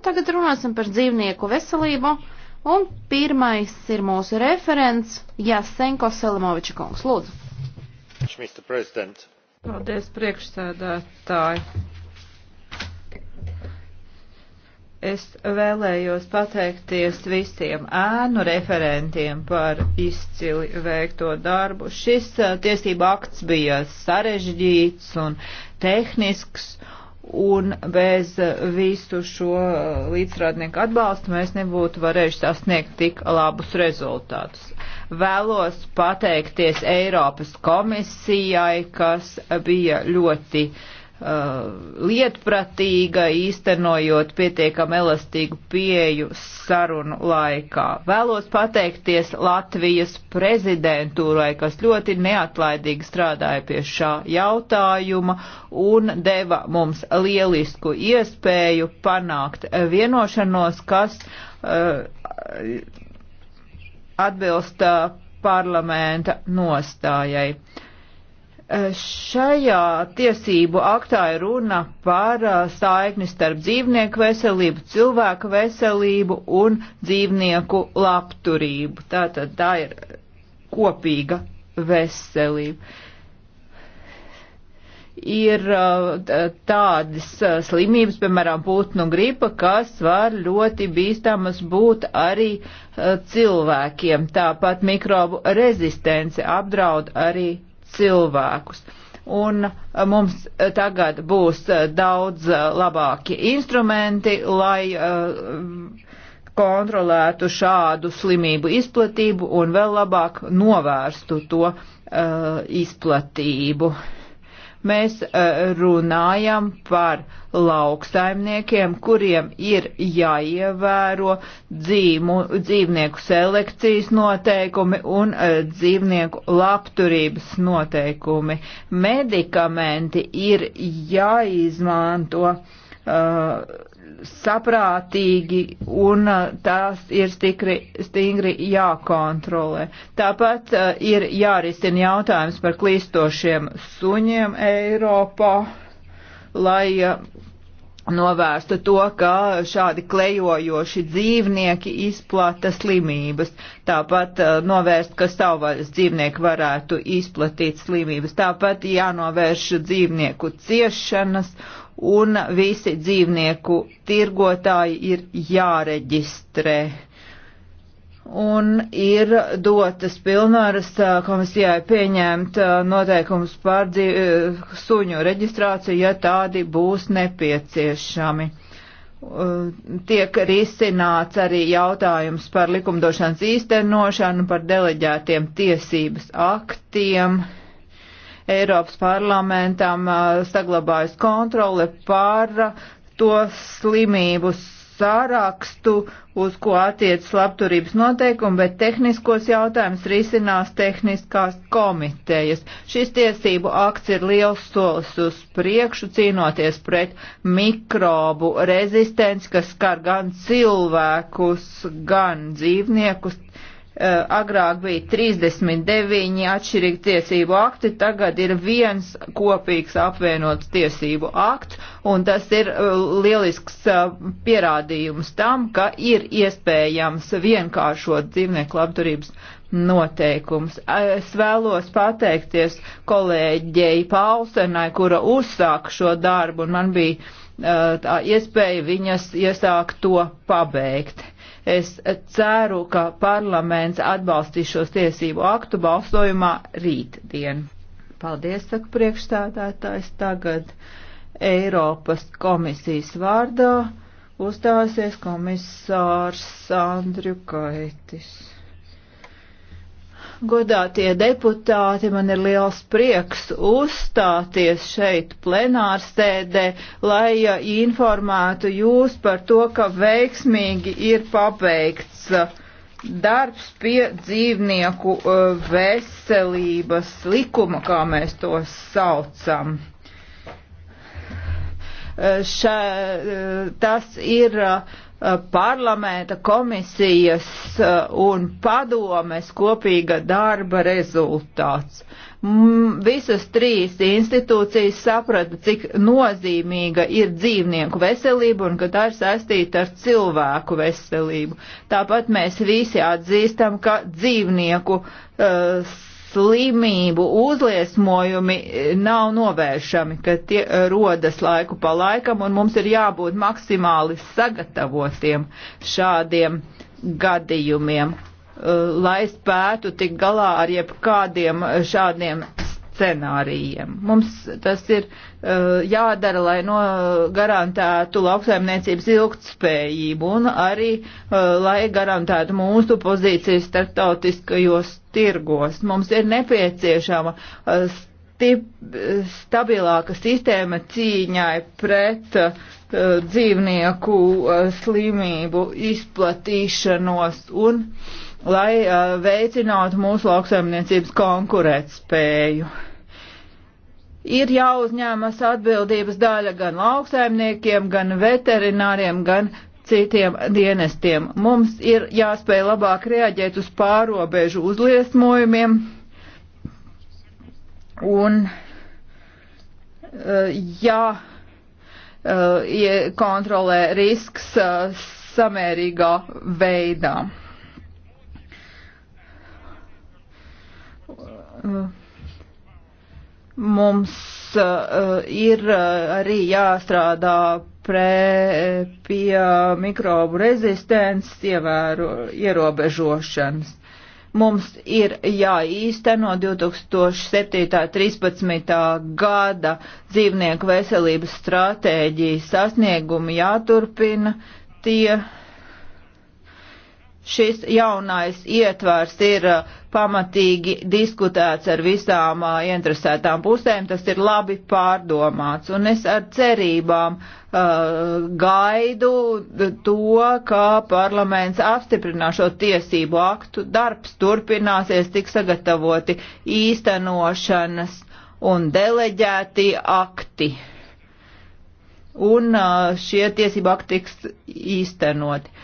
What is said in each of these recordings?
Nu, tagad runāsim par dzīvnieku veselību. Un pirmais ir mūsu referents Jasenko Selimoviča kungs. Lūdzu. Paldies, priekšsēdētāji. Es vēlējos pateikties visiem ēnu referentiem par izcili veikto darbu. Šis tiesība akts bija sarežģīts un tehnisks un bez visu šo līdzstrādnieku atbalstu mēs nebūtu varējuši sasniegt tik labus rezultātus. Vēlos pateikties Eiropas komisijai, kas bija ļoti uh, Uh, lietpratīga, īstenojot pietiekam elastīgu pieju sarunu laikā. Vēlos pateikties Latvijas prezidentūrai, kas ļoti neatlaidīgi strādāja pie šā jautājuma un deva mums lielisku iespēju panākt vienošanos, kas uh, atbilst uh, parlamenta nostājai. Uh, Šajā tiesību aktā ir runa par uh, saikni starp dzīvnieku veselību, cilvēku veselību un dzīvnieku labturību. Tātad tā ir kopīga veselība. Ir uh, tādas uh, slimības, piemēram, putnu gripa, kas var ļoti bīstamas būt arī cilvēkiem. Tāpat mikrobu rezistence apdraud arī cilvēkus. Un eh, mums eh, tagad būs eh, daudz labāki instrumenti, lai kontrolētu šādu slimību izplatību un vēl labāk novērstu to izplatību. Mēs eh, runājam par lauksaimniekiem, kuriem ir jāievēro dzīmu, dzīvnieku selekcijas noteikumi un eh, dzīvnieku labturības noteikumi. Medikamenti ir jāizmanto. Uh, saprātīgi un uh, tās ir stikri, stingri jākontrolē. Tāpat uh, ir jārisina jautājums par klīstošiem suņiem Eiropā, lai uh, novērsta to, ka šādi klejojoši dzīvnieki izplata slimības. Tāpat novērst, ka savvaļas dzīvnieki varētu izplatīt slimības. Tāpat jānovērš dzīvnieku ciešanas un visi dzīvnieku tirgotāji ir jāreģistrē. Un ir dotas pilnvaras komisijai pieņemt noteikumus par dzīv, suņu reģistrāciju, ja tādi būs nepieciešami. Tiek risināts arī jautājums par likumdošanas īstenošanu, par deleģētiem tiesības aktiem Eiropas parlamentam saglabājas kontrole pār to slimību sārakstu, uz ko attiec labturības noteikumi, bet tehniskos jautājumus risinās tehniskās komitejas. Šis tiesību akts ir liels solis uz priekšu, cīnoties pret mikrobu rezistenci, kas skar gan cilvēkus, gan dzīvniekus, Eh, agrāk bija 39 atšķirīgi tiesību akti, tagad ir viens kopīgs apvienots tiesību akts, un tas ir eh, lielisks eh, pierādījums tam, ka ir iespējams vienkāršot dzīvnieku labturības noteikums. Es vēlos pateikties kolēģei Paulsenai, kura uzsāka šo darbu, un man bija tā iespēja viņas iesākt to pabeigt. Es ceru, ka parlaments atbalstīs šos tiesību aktu balsojumā rītdien. Paldies, saka priekšstādātājs. Tagad Eiropas komisijas vārdā uzstāsies komisārs Andriu Kaitis. Godātie deputāti, man ir liels prieks uzstāties šeit plenārsēdē, lai informētu jūs par to, ka veiksmīgi ir pabeigts uh, darbs pie dzīvnieku uh, veselības likuma, kā mēs to saucam. Uh, šā, tas ir uh, Eh, parlamenta komisijas eh, un padomes kopīga darba rezultāts. Visas trīs institūcijas saprata, cik nozīmīga ir dzīvnieku veselība un ka tā ir saistīta ar cilvēku veselību. Tāpat mēs visi atzīstam, ka dzīvnieku uh, slimību uzliesmojumi e, nav novēršami, ka tie e, rodas laiku pa laikam, un mums ir jābūt maksimāli sagatavotiem šādiem gadījumiem, e, lai spētu tik galā ar jebkādiem šādiem scenārijiem. Mums tas ir uh, jādara, lai no garantētu lauksaimniecības ilgtspējību un arī, uh, lai garantētu mūsu pozīcijas starptautiskajos tirgos. Mums ir nepieciešama uh, stip, stabilāka sistēma cīņai pret uh, dzīvnieku uh, slimību izplatīšanos un lai uh, veicinātu mūsu lauksaimniecības konkurētspēju ir jāuzņemas atbildības daļa gan lauksaimniekiem, gan veterināriem, gan citiem dienestiem. Mums ir jāspēj labāk reaģēt uz pārobežu uzliesmojumiem un eh, jā, eh, kontrolē risks eh, samērīgā veidā. Uh Mums uh, ir uh, arī jāstrādā pre, pie mikrobu rezistences ievēro, ierobežošanas. Mums ir jāīsteno 2007.13. gada dzīvnieku veselības stratēģijas sasniegumi jāturpina tie Šis jaunais ietvars ir uh, pamatīgi diskutēts ar visām uh, interesētām pusēm, tas ir labi pārdomāts, un es ar cerībām uh, gaidu to, kā parlaments apstiprinās šo tiesību aktu, darbs turpināsies, tik sagatavoti īstenošanas un deleģēti akti. Un uh, šie tiesību akti tiks īstenoti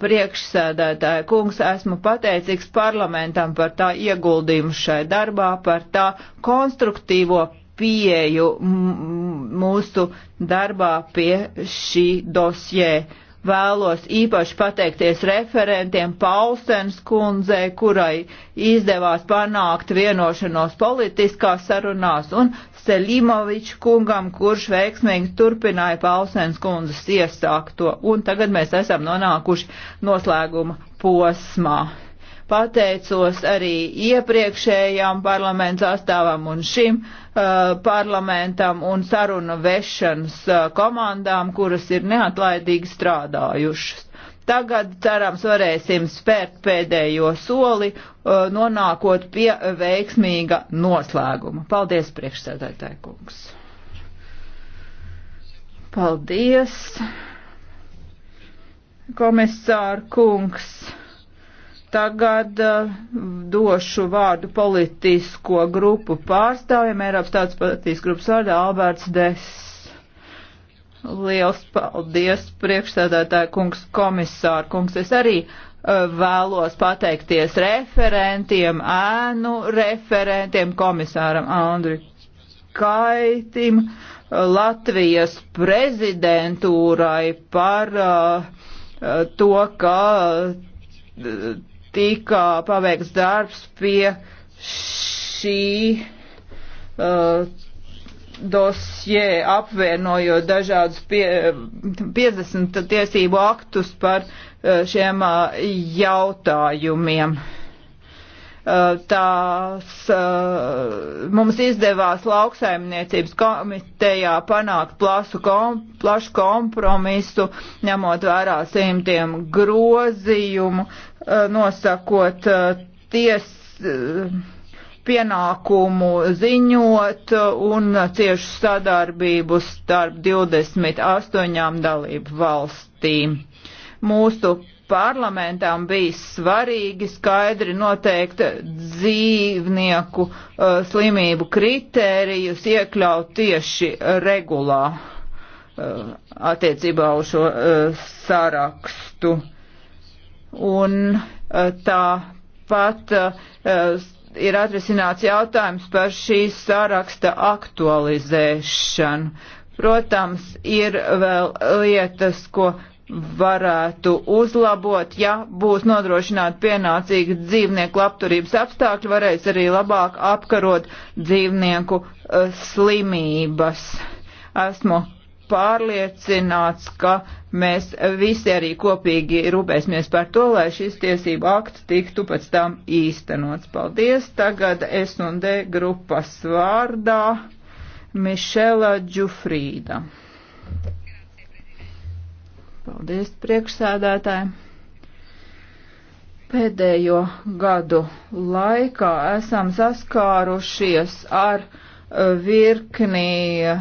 priekšsēdētāja kungs, esmu pateicīgs parlamentam par tā ieguldījumu šai darbā, par tā konstruktīvo pieju mūsu darbā pie šī dosjē. Vēlos īpaši pateikties referentiem Paulsens kundzei, kurai izdevās panākt vienošanos politiskās sarunās un Selimovičs kungam, kurš veiksmīgi turpināja Paulsens kundzes iesākto, un tagad mēs esam nonākuši noslēguma posmā. Pateicos arī iepriekšējām parlamentu sastāvam un šim uh, parlamentam un sarunu vešanas uh, komandām, kuras ir neatlaidīgi strādājušas. Tagad, cerams, varēsim spērt pēdējo soli, uh, nonākot pie veiksmīga noslēguma. Paldies, priekšsēdētāji kungs! Paldies, komisāra kungs! Tagad uh, došu vārdu politisko grupu pārstāvjiem Eiropas tautas partijas grupas vārdā Alberts Dess. Liels paldies, priekšsēdētāja kungs, komisāra kungs. Es arī uh, vēlos pateikties referentiem, ēnu referentiem, komisāram Andri Kaitim, Latvijas prezidentūrai par uh, to, ka tika paveikts darbs pie šī uh, dosjē apvienojot dažādus pie, 50 tiesību aktus par e, šiem e, jautājumiem. E, tās mums izdevās lauksaimniecības komitejā panākt plasu, kom, plašu kompromisu, ņemot vērā simtiem grozījumu, nosakot ties, pienākumu ziņot un ciešu sadarbību starp 28 dalību valstīm. Mūsu parlamentām bija svarīgi skaidri noteikt dzīvnieku uh, slimību kritērijus, iekļaut tieši regulā uh, attiecībā uz šo uh, sarakstu. Un uh, tāpat uh, ir atrisināts jautājums par šīs saraksta aktualizēšanu. Protams, ir vēl lietas, ko varētu uzlabot, ja būs nodrošināti pienācīgi dzīvnieku labturības apstākļi, varēs arī labāk apkarot dzīvnieku uh, slimības. Esmu pārliecināts, ka mēs visi arī kopīgi rūpēsimies par to, lai šis tiesību akts tiktu pēc tam īstenots. Paldies! Tagad S un D grupas vārdā Mišela Džufrīda. Paldies priekšsēdētājiem! Pēdējo gadu laikā esam saskārušies ar virkni uh,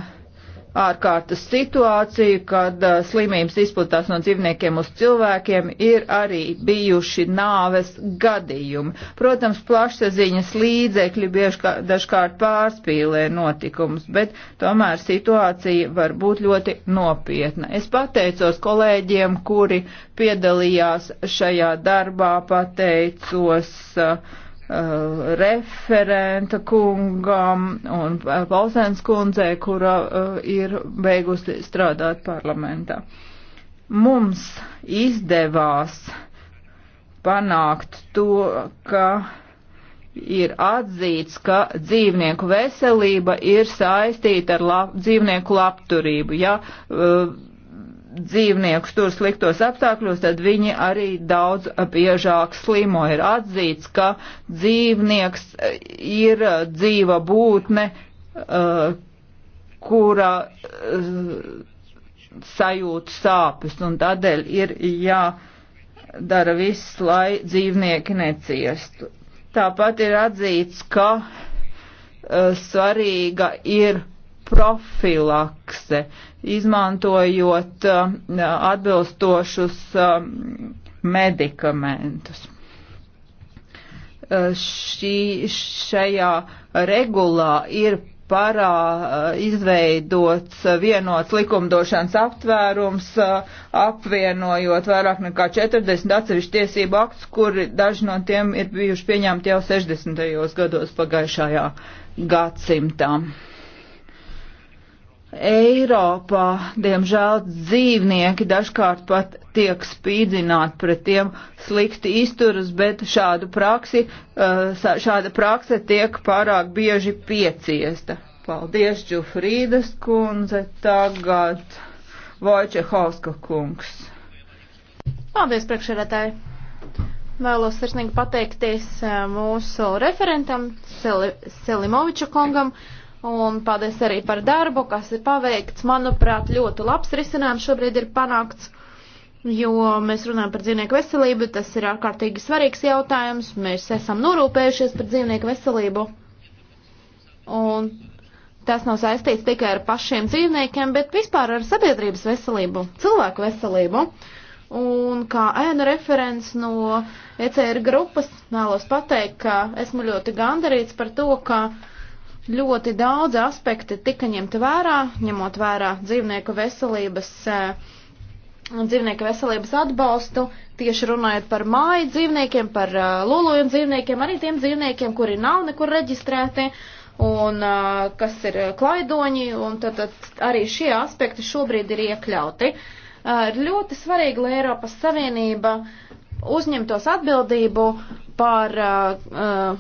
ārkārtas situāciju, kad uh, slimības izplatās no dzīvniekiem uz cilvēkiem, ir arī bijuši nāves gadījumi. Protams, plašsaziņas līdzekļi bieži dažkārt pārspīlē notikumus, bet tomēr situācija var būt ļoti nopietna. Es pateicos kolēģiem, kuri piedalījās šajā darbā, pateicos uh, Uh, referenta kungam un Palsēns uh, kundzei, kura uh, ir beigusi strādāt parlamentā. Mums izdevās panākt to, ka ir atzīts, ka dzīvnieku veselība ir saistīta ar lab dzīvnieku labturību. Ja, uh, dzīvniekus tur sliktos apstākļos, tad viņi arī daudz biežāk slimo. Ir atzīts, ka dzīvnieks e, ir e, dzīva būtne, e, kura sajūt sāpes, un tādēļ ir jādara viss, lai dzīvnieki neciestu. Tāpat ir atzīts, ka svarīga ir profilakse, izmantojot uh, atbilstošus um, medikamentus. Uh, šī, šajā regulā ir parā uh, izveidots vienots likumdošanas aptvērums, apvienojot vairāk nekā 40 atsevišķu tiesību aktus, kuri daži no tiem ir bijuši pieņemti jau 60. gados pagājušajā gadsimtā. Eiropā, diemžēl, dzīvnieki dažkārt pat tiek spīdzināti pret tiem slikti izturas, bet šādu praksi, uh, šāda prakse tiek pārāk bieži pieciesta. Paldies, Džufrīdas kundze, tagad Vojčehauska kungs. Paldies, priekšsēdētāji! Vēlos sirsnīgi pateikties uh, mūsu referentam Sel Selimoviča kungam. Paldies Un paldies arī par darbu, kas ir paveikts. Manuprāt, ļoti labs risinājums šobrīd ir panākts, jo mēs runājam par dzīvnieku veselību. Tas ir ārkārtīgi svarīgs jautājums. Mēs esam norūpējušies par dzīvnieku veselību. Un tas nav saistīts tikai ar pašiem dzīvniekiem, bet vispār ar sabiedrības veselību, cilvēku veselību. Un kā ēnu referents no ECR grupas vēlos pateikt, ka esmu ļoti gandarīts par to, ka Ļoti daudz aspekti tika ņemti vērā, ņemot vērā dzīvnieku veselības, eh, dzīvnieku veselības atbalstu, tieši runājot par māju dzīvniekiem, par eh, lolojumu dzīvniekiem, arī tiem dzīvniekiem, kuri nav nekur reģistrēti un uh, kas ir klaidoņi, un tad, tad arī šie aspekti šobrīd ir iekļauti. Ir uh, ļoti svarīgi, lai Eiropas Savienība uzņemtos atbildību par uh,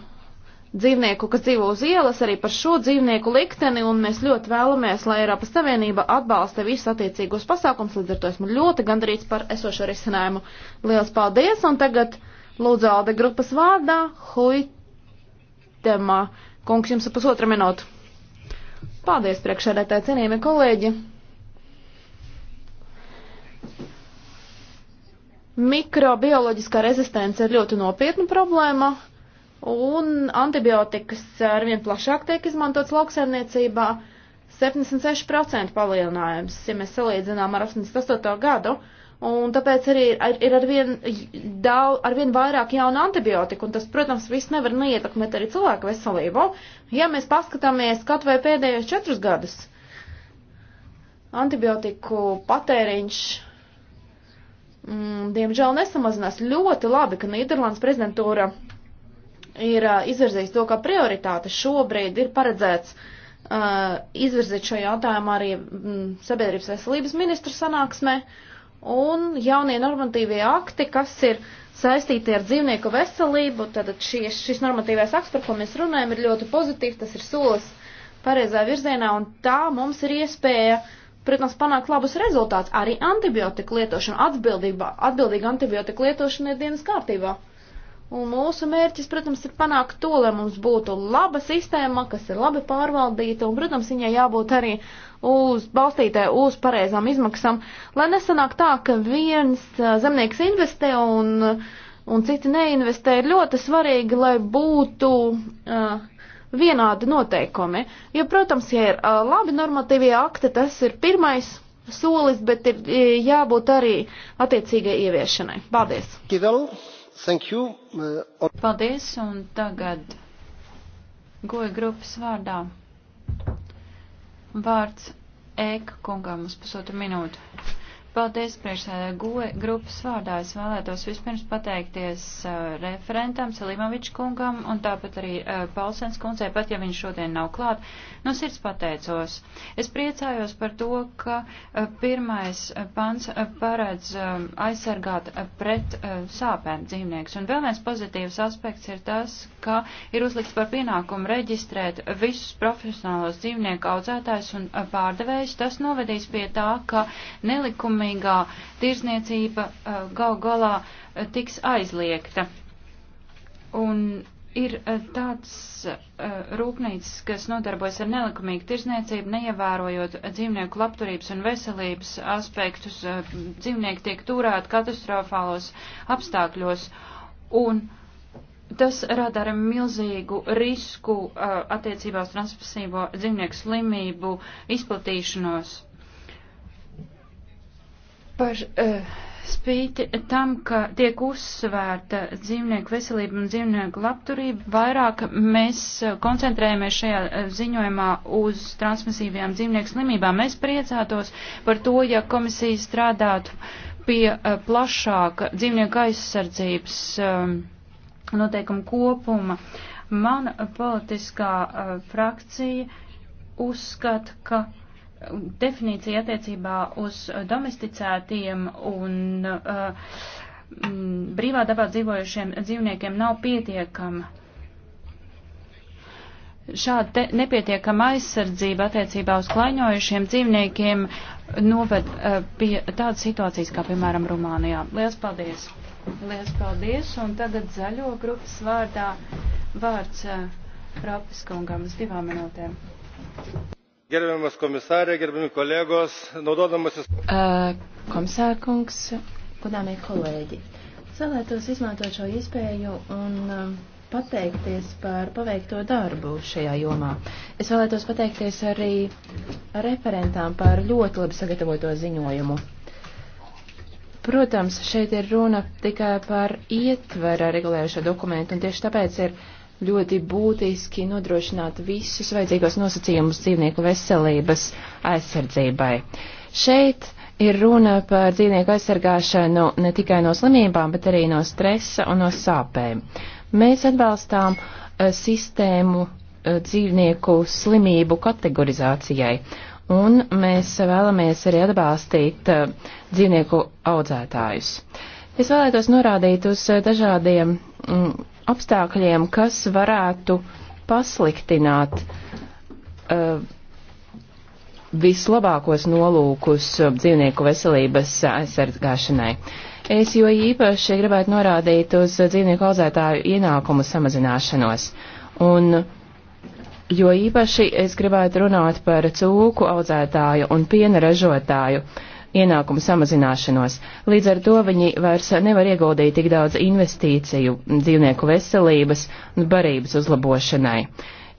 dzīvnieku, kas dzīvo uz ielas, arī par šo dzīvnieku likteni, un mēs ļoti vēlamies, lai Eiropas Savienība atbalsta visus attiecīgos pasākums, līdz ar to esmu ļoti gandarīts par esošo risinājumu. Lielas paldies, un tagad lūdzu Alde grupas vārdā Huitema. Kungs, jums ir pusotra minūte. Paldies, priekšēdētāji, cienījamie kolēģi. Mikrobioloģiskā rezistence ir ļoti nopietna problēma un antibiotikas arvien plašāk tiek izmantots lauksaimniecībā. 76% palielinājums, ja mēs salīdzinām ar 88. gadu, un tāpēc arī ir, ir arvien, daudz, arvien vairāk jaunu antibiotiku, un tas, protams, viss nevar neietekmēt arī cilvēku veselību. Ja mēs paskatāmies kaut vai pēdējos četrus gadus, antibiotiku patēriņš mm, diemžēl nesamazinās ļoti labi, ka Nīderlandes prezidentūra ir uh, izvirzījis to, ka prioritāte šobrīd ir paredzēts uh, izvirzīt šo jautājumu arī mm, sabiedrības veselības ministra sanāksmē, un jaunie normatīvie akti, kas ir saistīti ar dzīvnieku veselību, tad šie, šis normatīvais akts, par ko mēs runājam, ir ļoti pozitīvs, tas ir solis pareizā virzienā, un tā mums ir iespēja uh, protams, panākt labus rezultātus. Arī antibiotika lietošana, atbildība, atbildīga antibiotika lietošana ir dienas kārtībā. Un mūsu mērķis, protams, ir panākt to, lai mums būtu laba sistēma, kas ir labi pārvaldīta, un, protams, viņai jābūt arī uz, balstītē uz pareizām izmaksām, lai nesanāk tā, ka viens zemnieks investē un, un citi neinvestē. Ir ļoti svarīgi, lai būtu uh, vienādi noteikumi. Jo, protams, ja ir uh, labi normatīvie akti, tas ir pirmais solis, bet ir jābūt arī attiecīgai ieviešanai. Paldies! Kidalu. Uh, Paldies, un tagad goja grupas vārdā vārds Ēka kungam uz pusotru minūtu. Paldies, priekšsēdētāji. Grupas vārdā es vēlētos vispirms pateikties uh, referentam Salimoviču kungam un tāpat arī uh, Paulsens kundzei, pat ja viņš šodien nav klāt. No nu, sirds pateicos. Es priecājos par to, ka uh, pirmais uh, pants uh, paredz um, aizsargāt uh, pret sāpēm dzīvnieks. Un vēl viens pozitīvs aspekts ir tas, ka ir uzlikts par pienākumu reģistrēt visus profesionālos dzīvnieku audzētājus un uh, pārdevējus. Tas novedīs pie tā, ka nelikumīgā tirzniecība uh, gal galā uh, tiks aizliegta. Un ir tāds uh, rūpnīcas, kas nodarbojas ar nelikumīgu tirzniecību, neievērojot dzīvnieku labturības un veselības aspektus. Uh, dzīvnieki tiek turēti katastrofālos apstākļos. Un uh, Tas rada arī milzīgu risku uh, attiecībā uz transmisīvo dzīvnieku slimību izplatīšanos. Par uh, spīti tam, ka tiek uzsvērta dzīvnieku veselība un dzīvnieku labturība, vairāk mēs uh, koncentrējamies šajā uh, ziņojumā uz transmisīvajām dzīvnieku slimībām. Mēs priecātos par to, ja komisija strādātu pie uh, plašāka dzīvnieku aizsardzības. Um, noteikumu kopuma. Mana politiskā uh, frakcija uzskata, ka eh, definīcija attiecībā uz domesticētiem un uh, brīvā dabā dzīvojušiem dzīvniekiem nav pietiekama. Šāda te, nepietiekama aizsardzība attiecībā uz klaiņojušiem dzīvniekiem noved uh, pie tādas situācijas kā, piemēram, Rumānijā. Lielas paldies! Liels paldies, un tagad zaļo grupas vārdā vārds eh, Rapis kungam uz divām minūtēm. Gerbiamas komisārē, gerbiami kolēgos, naudodamasis. Uh, eh, komisārkungs, godāmie kolēģi, es vēlētos izmantot šo iespēju un. Uh, pateikties par paveikto darbu šajā jomā. Es vēlētos pateikties arī referentām par ļoti labi sagatavoto ziņojumu. Protams, šeit ir runa tikai par ietvera regulējušo dokumentu, un tieši tāpēc ir ļoti būtiski nodrošināt visus vajadzīgos nosacījumus dzīvnieku veselības aizsardzībai. Šeit ir runa par dzīvnieku aizsargāšanu ne tikai no slimībām, bet arī no stresa un no sāpēm. Mēs atbalstām uh, sistēmu uh, dzīvnieku slimību kategorizācijai, un mēs vēlamies arī atbalstīt uh, dzīvnieku audzētājus. Es vēlētos norādīt uz eh, dažādiem mm, apstākļiem, kas varētu pasliktināt uh, vislabākos nolūkus dzīvnieku veselības aizsargāšanai. Es jo īpaši gribētu norādīt uz dzīvnieku audzētāju ienākumu samazināšanos. Un uh, jo īpaši es gribētu runāt par cūku audzētāju un piena ražotāju ienākumu samazināšanos. Līdz ar to viņi vairs nevar ieguldīt tik daudz investīciju dzīvnieku veselības un barības uzlabošanai.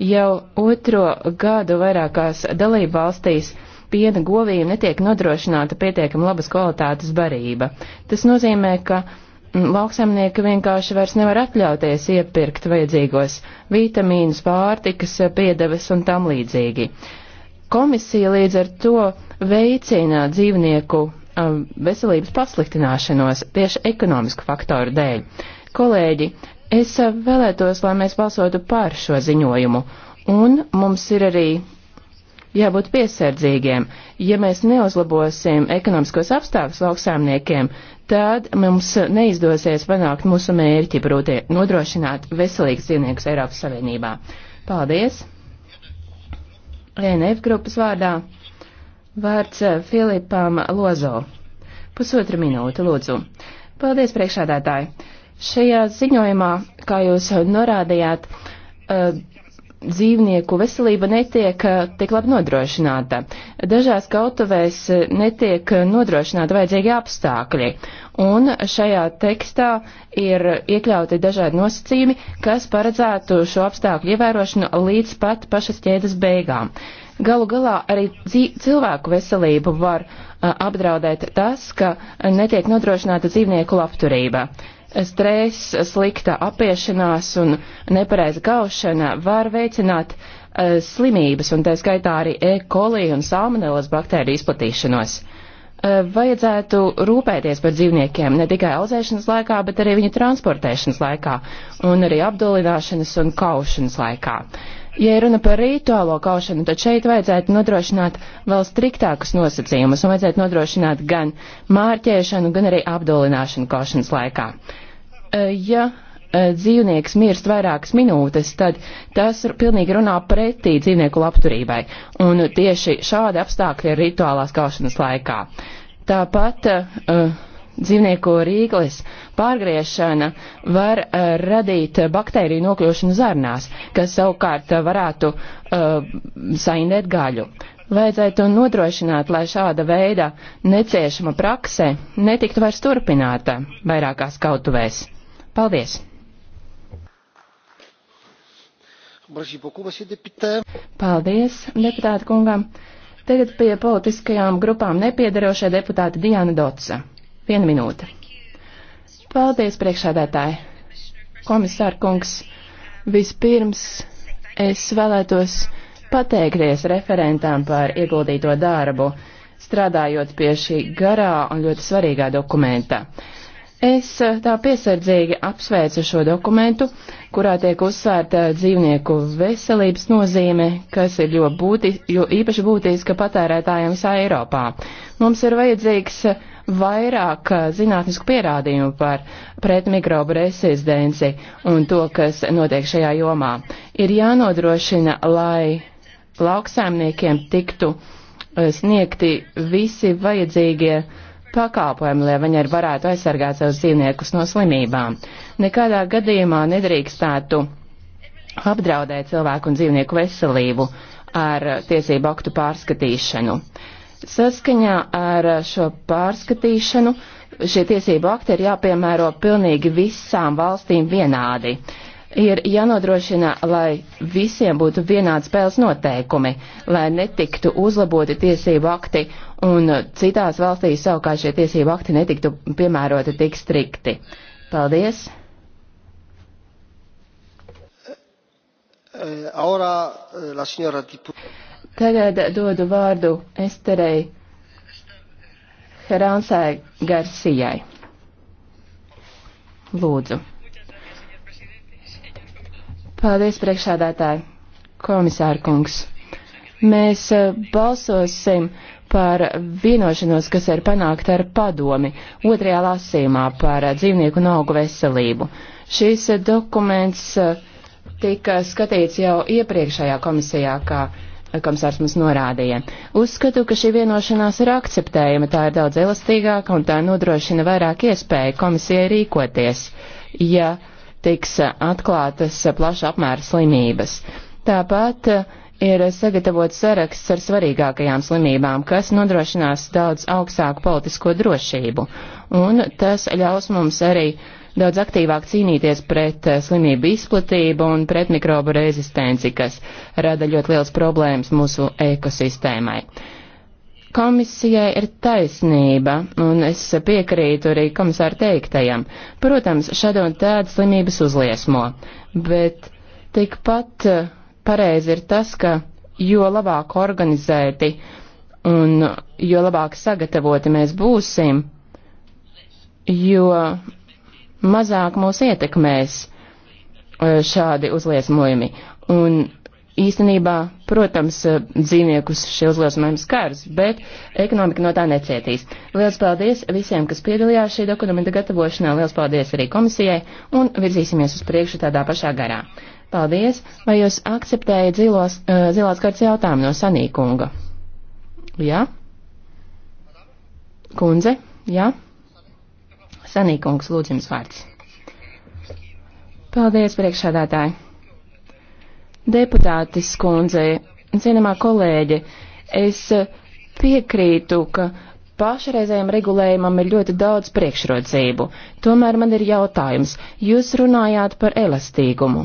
Jau otro gadu vairākās dalību valstīs piena govīm netiek nodrošināta pietiekam labas kvalitātes barība. Tas nozīmē, ka Lauksaimnieki vienkārši vairs nevar atļauties iepirkt vajadzīgos vitamīnus, pārtikas, piedevas un tam līdzīgi. Komisija līdz ar to veicina dzīvnieku veselības pasliktināšanos tieši ekonomisku faktoru dēļ. Kolēģi, es vēlētos, lai mēs balsotu par šo ziņojumu, un mums ir arī jābūt piesardzīgiem. Ja mēs neuzlabosim ekonomiskos apstākļus lauksēmniekiem, tad mums neizdosies panākt mūsu mērķi, proti nodrošināt veselīgus dzīvniekus Eiropas Savienībā. Paldies! ENF grupas vārdā vārds eh, Filipam Lozo. Pusotra minūte, lūdzu. Paldies, priekšādātāji! Šajā ziņojumā, kā jūs norādījāt, uh, dzīvnieku veselība netiek eh, tik labi nodrošināta. Dažās kautuvēs eh, netiek eh, nodrošināta vajadzīgi apstākļi, un šajā tekstā ir iekļauti dažādi nosacījumi, kas paredzētu šo apstākļu ievērošanu līdz pat pašas ķēdes beigām. Galu galā arī cilvēku veselību var a, apdraudēt tas, ka netiek nodrošināta dzīvnieku labturība stress, slikta apiešanās un nepareiza kaušana var veicināt uh, slimības, un tā skaitā arī E. coli un salmonellas baktēriju izplatīšanos. Uh, vajadzētu rūpēties par dzīvniekiem ne tikai audzēšanas laikā, bet arī viņu transportēšanas laikā un arī apdulināšanas un kaušanas laikā. Uh, Ja runa par rituālo kaušanu, tad šeit vajadzētu nodrošināt vēl striktākus nosacījumus un vajadzētu nodrošināt gan mārķēšanu, gan arī apdulināšanu kaušanas laikā. E, ja e, dzīvnieks mirst vairākas minūtes, tad tas pilnīgi runā pretī dzīvnieku labturībai. Un tieši šādi apstākļi ir rituālās kaušanas laikā. Tāpat uh, dzīvnieku rīklis, pārgriešana var uh, radīt baktēriju nokļūšanu zarnās, kas savukārt varētu uh, saindēt gaļu. Vajadzētu nodrošināt, lai šāda veida neciešama prakse netiktu vairs turpināta vairākās kautuvēs. Paldies! Paldies, deputāta kungam! Tagad pie politiskajām grupām nepiedarošie deputāti Diana Dotsa. Viena minūte. Paldies, priekšādētāji. Komisār kungs, vispirms es vēlētos pateikties referentām par ieguldīto darbu, strādājot pie šī garā un ļoti svarīgā dokumenta. Es eh, tā piesardzīgi apsveicu šo dokumentu, kurā tiek uzsvērta dzīvnieku veselības nozīme, kas ir ļoti būti, jo īpaši būtiska patērētājiem visā Eiropā. Mums ir vajadzīgs eh, vairāk eh, zinātnisku pierādījumu par pretmikrobu rezistenci un to, kas notiek šajā jomā. Ir jānodrošina, lai lauksaimniekiem tiktu sniegti visi vajadzīgie uh, pakāpojumi, lai viņi varētu aizsargāt savus dzīvniekus no slimībām. Nekādā gadījumā nedrīkstētu apdraudēt cilvēku un dzīvnieku veselību ar tiesību aktu pārskatīšanu. Saskaņā ar šo pārskatīšanu šie tiesību akti ir jāpiemēro pilnīgi visām valstīm vienādi ir jānodrošina, lai visiem būtu vienāds spēles noteikumi, lai netiktu uzlaboti tiesību akti un citās valstīs savukārt šie tiesību akti netiktu piemēroti tik strikti. Paldies! Eh, eh, Tagad dodu vārdu Esterei Heransai Garcijai. Lūdzu. Paldies, priekšādātāji, komisāra kungs. Mēs eh, balsosim par vienošanos, kas ir panākta ar padomi otrajā lasīmā par eh, dzīvnieku un augu veselību. Šis eh, dokuments tika skatīts jau iepriekšējā komisijā, kā komisārs mums norādīja. Uzskatu, ka šī vienošanās ir akceptējama, tā ir daudz elastīgāka un tā nodrošina vairāk iespēju komisijai rīkoties, ja tiks atklātas plaša apmēra slimības. Tāpat ir sagatavots saraksts ar svarīgākajām slimībām, kas nodrošinās daudz augstāku politisko drošību, un tas ļaus mums arī daudz aktīvāk cīnīties pret eh, slimību izplatību un pret mikrobu rezistenci, kas rada ļoti liels problēmas mūsu ekosistēmai. Komisijai ir taisnība, un es piekrītu arī komisāru teiktajam. Protams, šad un tāda slimības uzliesmo, bet tikpat eh, pareizi ir tas, ka jo labāk organizēti un jo labāk sagatavoti mēs būsim, jo mazāk mūs ietekmēs eh, šādi uzliesmojumi. Un īstenībā Protams, eh, dzīvniekus šie uzliesmojumi skars, bet ekonomika no tā necietīs. Lielas paldies visiem, kas piedalījās šī dokumenta gatavošanā. Lielas paldies arī komisijai un virzīsimies uz priekšu tādā pašā garā. Paldies! Vai jūs akceptējat dzīlos, eh, zilās kārtas jautājumu no Sanīkunga? Jā? Kundze? Jā? Sanīkungs, lūdzu jums vārds. Paldies, priekšādātāji! Deputātis kundze, cienamā kolēģe, es piekrītu, ka pašreizējiem regulējumam ir ļoti daudz priekšrocību. Tomēr man ir jautājums. Jūs runājāt par elastīgumu.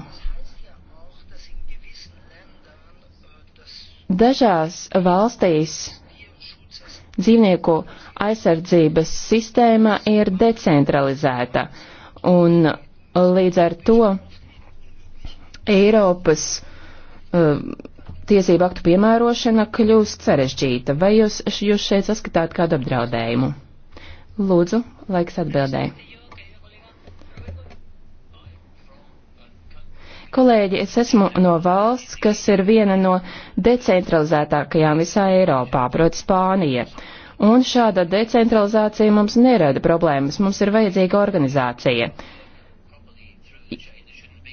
Dažās valstīs dzīvnieku aizsardzības sistēma ir decentralizēta, un līdz ar to Eiropas Um, tiesību aktu piemērošana kļūst sarežģīta. Vai jūs, jūs šeit saskatāt kādu apdraudējumu? Lūdzu, laiks atbildēji. Kolēģi, es esmu no valsts, kas ir viena no decentralizētākajām visā Eiropā, proti Spānija. Un šāda decentralizācija mums nerada problēmas, mums ir vajadzīga organizācija.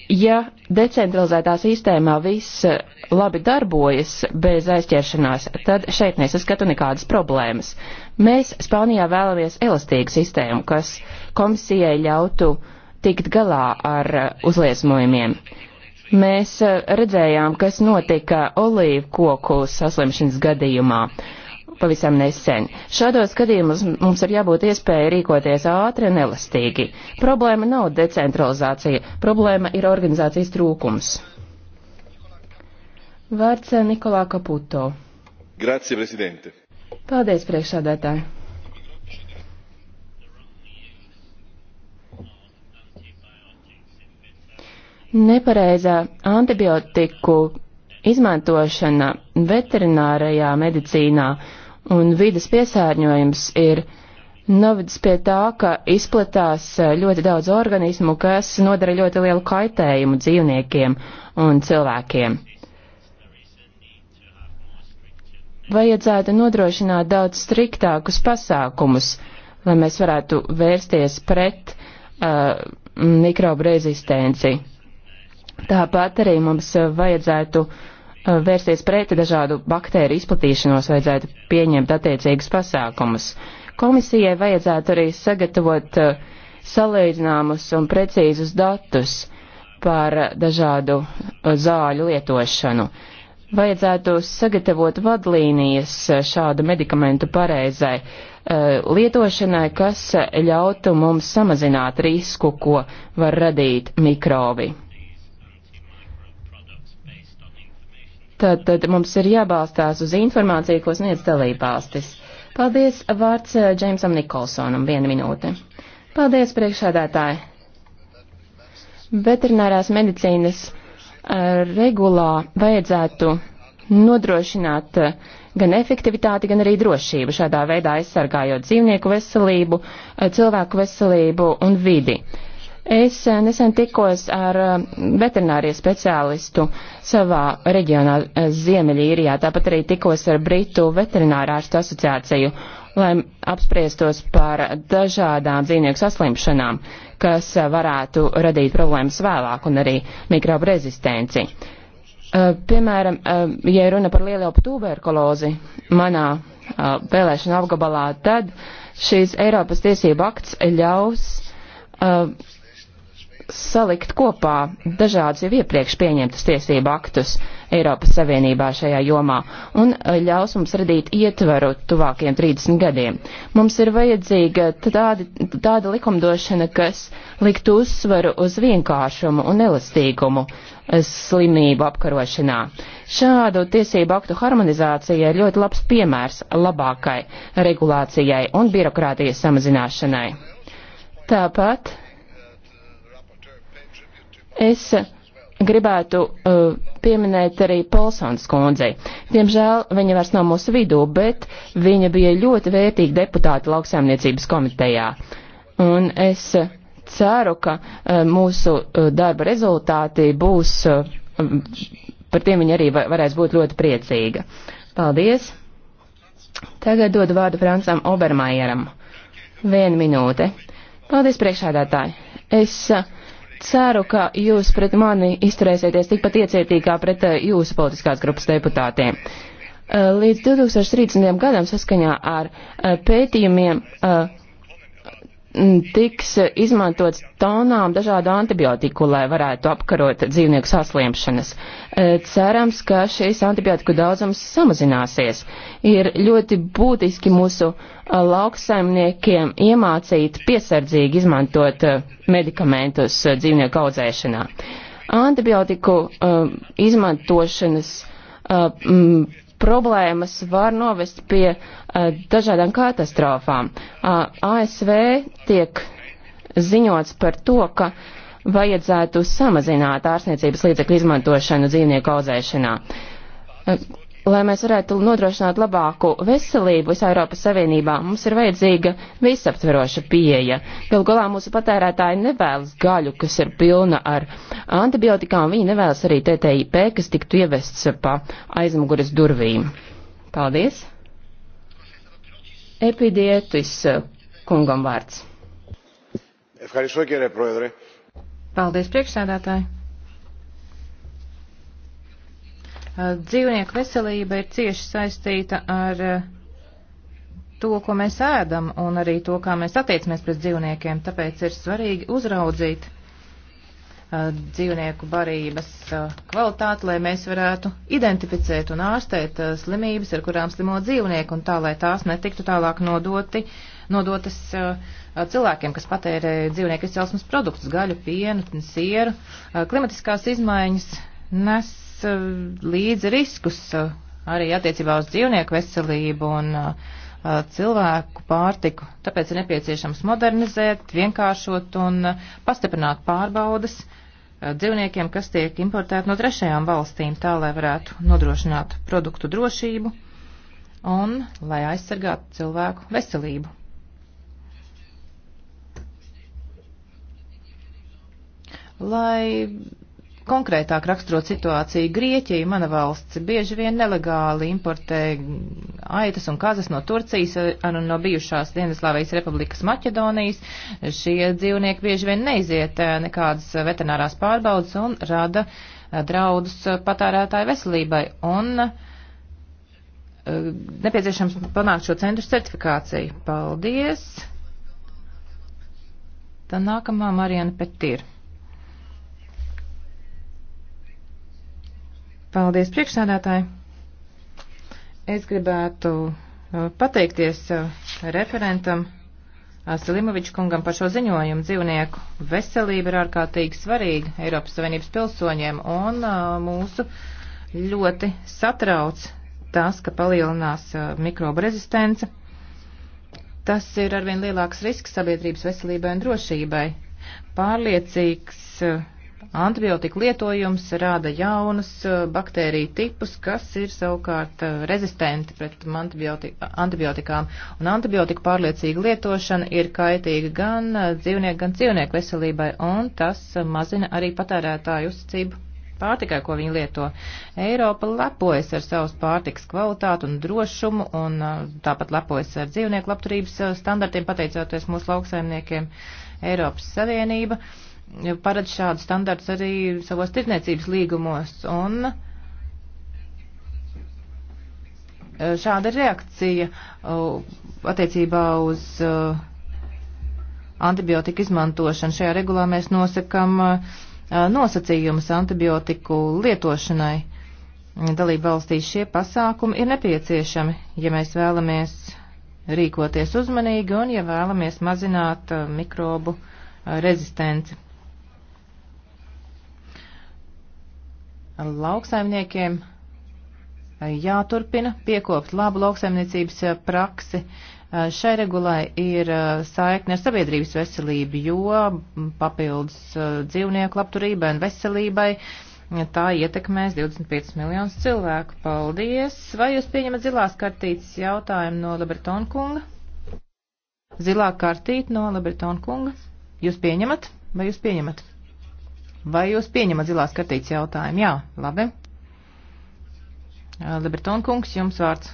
Ja decentralizētā sistēmā viss eh, labi darbojas bez aizķeršanās, tad šeit nesaskatu nekādas problēmas. Mēs Spānijā vēlamies elastīgu sistēmu, kas komisijai ļautu tikt galā ar eh, uzliesmojumiem. Mēs eh, redzējām, kas notika olīvu koku saslimšanas gadījumā pavisam nesen. Šādos gadījumos mums ir jābūt iespēja rīkoties ātri un elastīgi. Problēma nav decentralizācija, problēma ir organizācijas trūkums. Vārds eh, Nikolā Kaputo. Grazie, prezidente. Paldies, priekšsādētāji. Nepareizā antibiotiku izmantošana veterinārajā medicīnā un vidas piesārņojums ir novedis pie tā, ka izplatās e, ļoti daudz organismu, kas nodara ļoti lielu kaitējumu dzīvniekiem un cilvēkiem. Vajadzētu nodrošināt daudz striktākus pasākumus, lai mēs varētu vērsties pret uh, mikrobu rezistenci. Tāpat arī mums vajadzētu uh, Uh, vērsties pret dažādu baktēriju izplatīšanos, vajadzētu pieņemt attiecīgus pasākumus. Komisijai vajadzētu arī sagatavot uh, salīdzināmus un precīzus datus par dažādu uh, zāļu lietošanu. Vajadzētu sagatavot vadlīnijas šādu medikamentu pareizai lietošanai, kas ļautu mums samazināt risku, ko var radīt mikrobi. Tad, tad mums ir jābalstās uz informāciju, ko sniedz dalībvalstis. Paldies, vārds eh, Džeimsam Nikolsonam, viena minūte. Paldies, priekšsēdētāji. Veterinārās medicīnas eh, regulā vajadzētu nodrošināt eh, gan efektivitāti, gan arī drošību, šādā veidā aizsargājot dzīvnieku veselību, cilvēku veselību un vidi. Es eh, nesen tikos ar eh, veterināriju speciālistu savā reģionā eh, Ziemeļīrijā, tāpat arī tikos ar Britu veterinārārstu asociāciju, lai apspriestos par dažādām dzīvnieku saslimšanām, kas varētu radīt problēmas vēlāk un arī mikrobu rezistenci. Piemēram, ja runa par lielaupu tuberkulozi manā vēlēšana apgabalā, tad šīs Eiropas tiesība akts ļaus salikt kopā dažādus jau iepriekš pieņemtus tiesību aktus Eiropas Savienībā šajā jomā un e, ļaus mums radīt ietveru tuvākiem 30 gadiem. Mums ir vajadzīga tādi, tāda likumdošana, kas liktu uzsvaru uz vienkāršumu un elastīgumu e, slimību apkarošanā. Šādu tiesību aktu harmonizācija ir ļoti labs piemērs labākai regulācijai un birokrātijas samazināšanai. Tāpat Es gribētu uh, pieminēt arī Polsons kundzei. Diemžēl viņa vairs nav mūsu vidū, bet viņa bija ļoti vērtīga deputāta lauksaimniecības komitejā. Un es ceru, ka uh, mūsu uh, darba rezultāti būs, uh, par tiem viņa arī var, varēs būt ļoti priecīga. Paldies! Tagad dodu vārdu Francam Obermajeram. Viena minūte. Paldies priekšādātāji. Es uh, ceru, ka jūs pret mani izturēsieties tikpat iecietīgā pret eh, jūsu politiskās grupas deputātiem. Eh, līdz 2030. gadam saskaņā ar eh, pētījumiem Mm, tiks izmantots tonām dažādu antibiotiku, lai varētu apkarot dzīvnieku saslimšanas. E, cerams, ka šīs antibiotiku daudzums samazināsies. Ir ļoti būtiski mūsu e, lauksaimniekiem iemācīt piesardzīgi izmantot e, medikamentus dzīvnieku audzēšanā. Antibiotiku um, izmantošanas um, problēmas var novest pie uh, dažādām katastrofām. Uh, ASV tiek ziņots par to, ka vajadzētu samazināt ārsniecības līdzekļu izmantošanu dzīvnieku audzēšanā. Uh, lai mēs varētu nodrošināt labāku veselību visā Eiropas Savienībā, mums ir vajadzīga visaptveroša pieeja. Galu galā mūsu patērētāji nevēlas gaļu, kas ir pilna ar antibiotikām, viņi nevēlas arī TTIP, kas tiktu ievests pa aizmuguras durvīm. Paldies! Epidietis kungam vārds. Paldies, priekšsēdētāji! Dzīvnieku veselība ir cieši saistīta ar to, ko mēs ēdam, un arī to, kā mēs attiecamies pret dzīvniekiem. Tāpēc ir svarīgi uzraudzīt uh, dzīvnieku barības uh, kvalitāti, lai mēs varētu identificēt un ārstēt uh, slimības, ar kurām slimo dzīvnieki, un tā, lai tās netiktu tālāk nodoti, nodotas cilvēkiem, kas patērē dzīvnieku izcelsmes produktus, gaļu, pienu, sieru. Klimatiskās izmaiņas nes Uh, līdzi riskus uh, arī attiecībā uz dzīvnieku veselību un uh, cilvēku pārtiku. Tāpēc ir nepieciešams modernizēt, vienkāršot un pastiprināt pārbaudas dzīvniekiem, kas tiek importēti no trešajām valstīm, tā lai varētu nodrošināt produktu drošību un lai aizsargātu cilvēku veselību. Lai konkrētāk raksturot situāciju, Grieķija, mana valsts, bieži vien nelegāli importē aitas un kazas no Turcijas un eh, no bijušās Dienvidslāvijas republikas Maķedonijas. Šie dzīvnieki bieži vien neiziet eh, nekādas veterinārās pārbaudas un rada eh, draudus patērētāju veselībai. Un, Nepieciešams panākt šo centru certifikāciju. Paldies! Tā nākamā Marijana Petīra. Paldies, priekšsādātāji! Es gribētu uh, pateikties uh, referentam Salimoviču kungam par šo ziņojumu. Dzīvnieku veselība ir ārkārtīgi svarīga Eiropas Savienības pilsoņiem un uh, mūsu ļoti satrauc tas, ka palielinās mikroba rezistence. Tas ir arvien lielāks risks sabiedrības veselībai un drošībai. Pārliecīgs uh, Antibiotika lietojums rada jaunus uh, baktēriju tipus, kas ir savukārt uh, rezistenti pret antibiotikām. Un antibiotika pārliecīga lietošana ir kaitīga gan uh, dzīvnieku, gan dzīvnieku veselībai, un tas mazina arī patērētāju uzticību pārtikai, ko viņi lieto. Eiropa lepojas ar savas pārtikas kvalitātu un drošumu, un tāpat lepojas ar dzīvnieku labturības standartiem, pateicoties mūsu lauksaimniekiem Eiropas Savienība. Uh, paredz šādu standarts arī savos tirdzniecības līgumos. Un e, šāda reakcija attiecībā uz e, antibiotika izmantošanu šajā regulā mēs nosakam e, nosacījumus antibiotiku lietošanai. Dalība valstīs šie pasākumi ir nepieciešami, ja mēs vēlamies rīkoties uzmanīgi un ja vēlamies mazināt mikrobu rezistenci. lauksaimniekiem jāturpina piekopt labu lauksaimniecības eh, praksi. Eh, šai regulai ir eh, saikne ar sabiedrības veselību, jo mm, papildus dzīvnieku labturībai un veselībai tā ietekmēs 25 miljonus cilvēku. Paldies! Vai jūs pieņemat zilās kartītes jautājumu no Libertona kunga? Zilā kartīte no Libertona kunga. Jūs pieņemat? Vai jūs pieņemat? Vai jūs pieņemat zilās kartītes jautājumu? Jā, labi. Libertona kungs, jums vārds.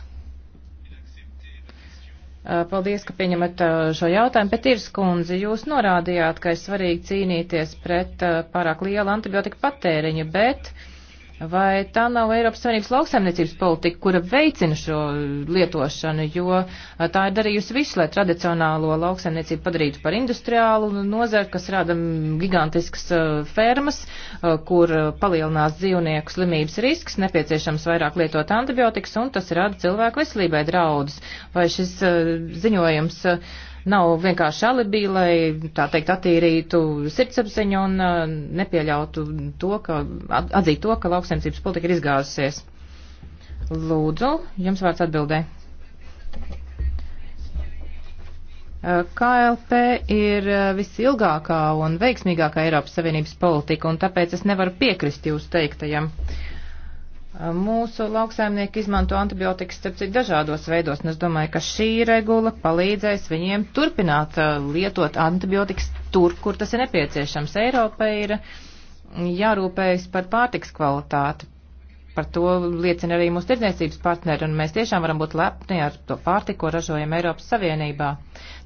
Paldies, ka pieņemat šo jautājumu, bet ir skundze, jūs norādījāt, ka ir svarīgi cīnīties pret pārāk lielu antibiotika patēriņu, bet uh, Vai tā nav Eiropas Savienības lauksaimniecības politika, kura veicina šo lietošanu, jo tā ir darījusi visu, lai tradicionālo lauksaimniecību padarītu par industriālu nozaru, kas rada gigantiskas fermas, kur palielinās dzīvnieku slimības risks, nepieciešams vairāk lietot antibiotikas, un tas rada cilvēku veselībai draudus. Vai šis ziņojums nav vienkārši alibī, lai tā teikt attīrītu sirdsapziņu un uh, nepieļautu to, ka atzīt to, ka lauksaimniecības politika ir izgāzusies. Lūdzu, jums vārds atbildē. Uh, KLP ir uh, visilgākā un veiksmīgākā Eiropas Savienības politika, un tāpēc es nevaru piekrist jūsu teiktajam. Uh, Mūsu lauksaimnieki izmanto antibiotikas, starp citu, dažādos veidos, un es domāju, ka šī regula palīdzēs viņiem turpināt uh, lietot antibiotikas tur, kur tas ir nepieciešams. Eiropa ir jārūpējas par pārtiks kvalitāti. Par to liecina arī mūsu tirdzniecības partneri, un mēs tiešām varam būt lepni ar to pārtiku, ko ražojam Eiropas Savienībā.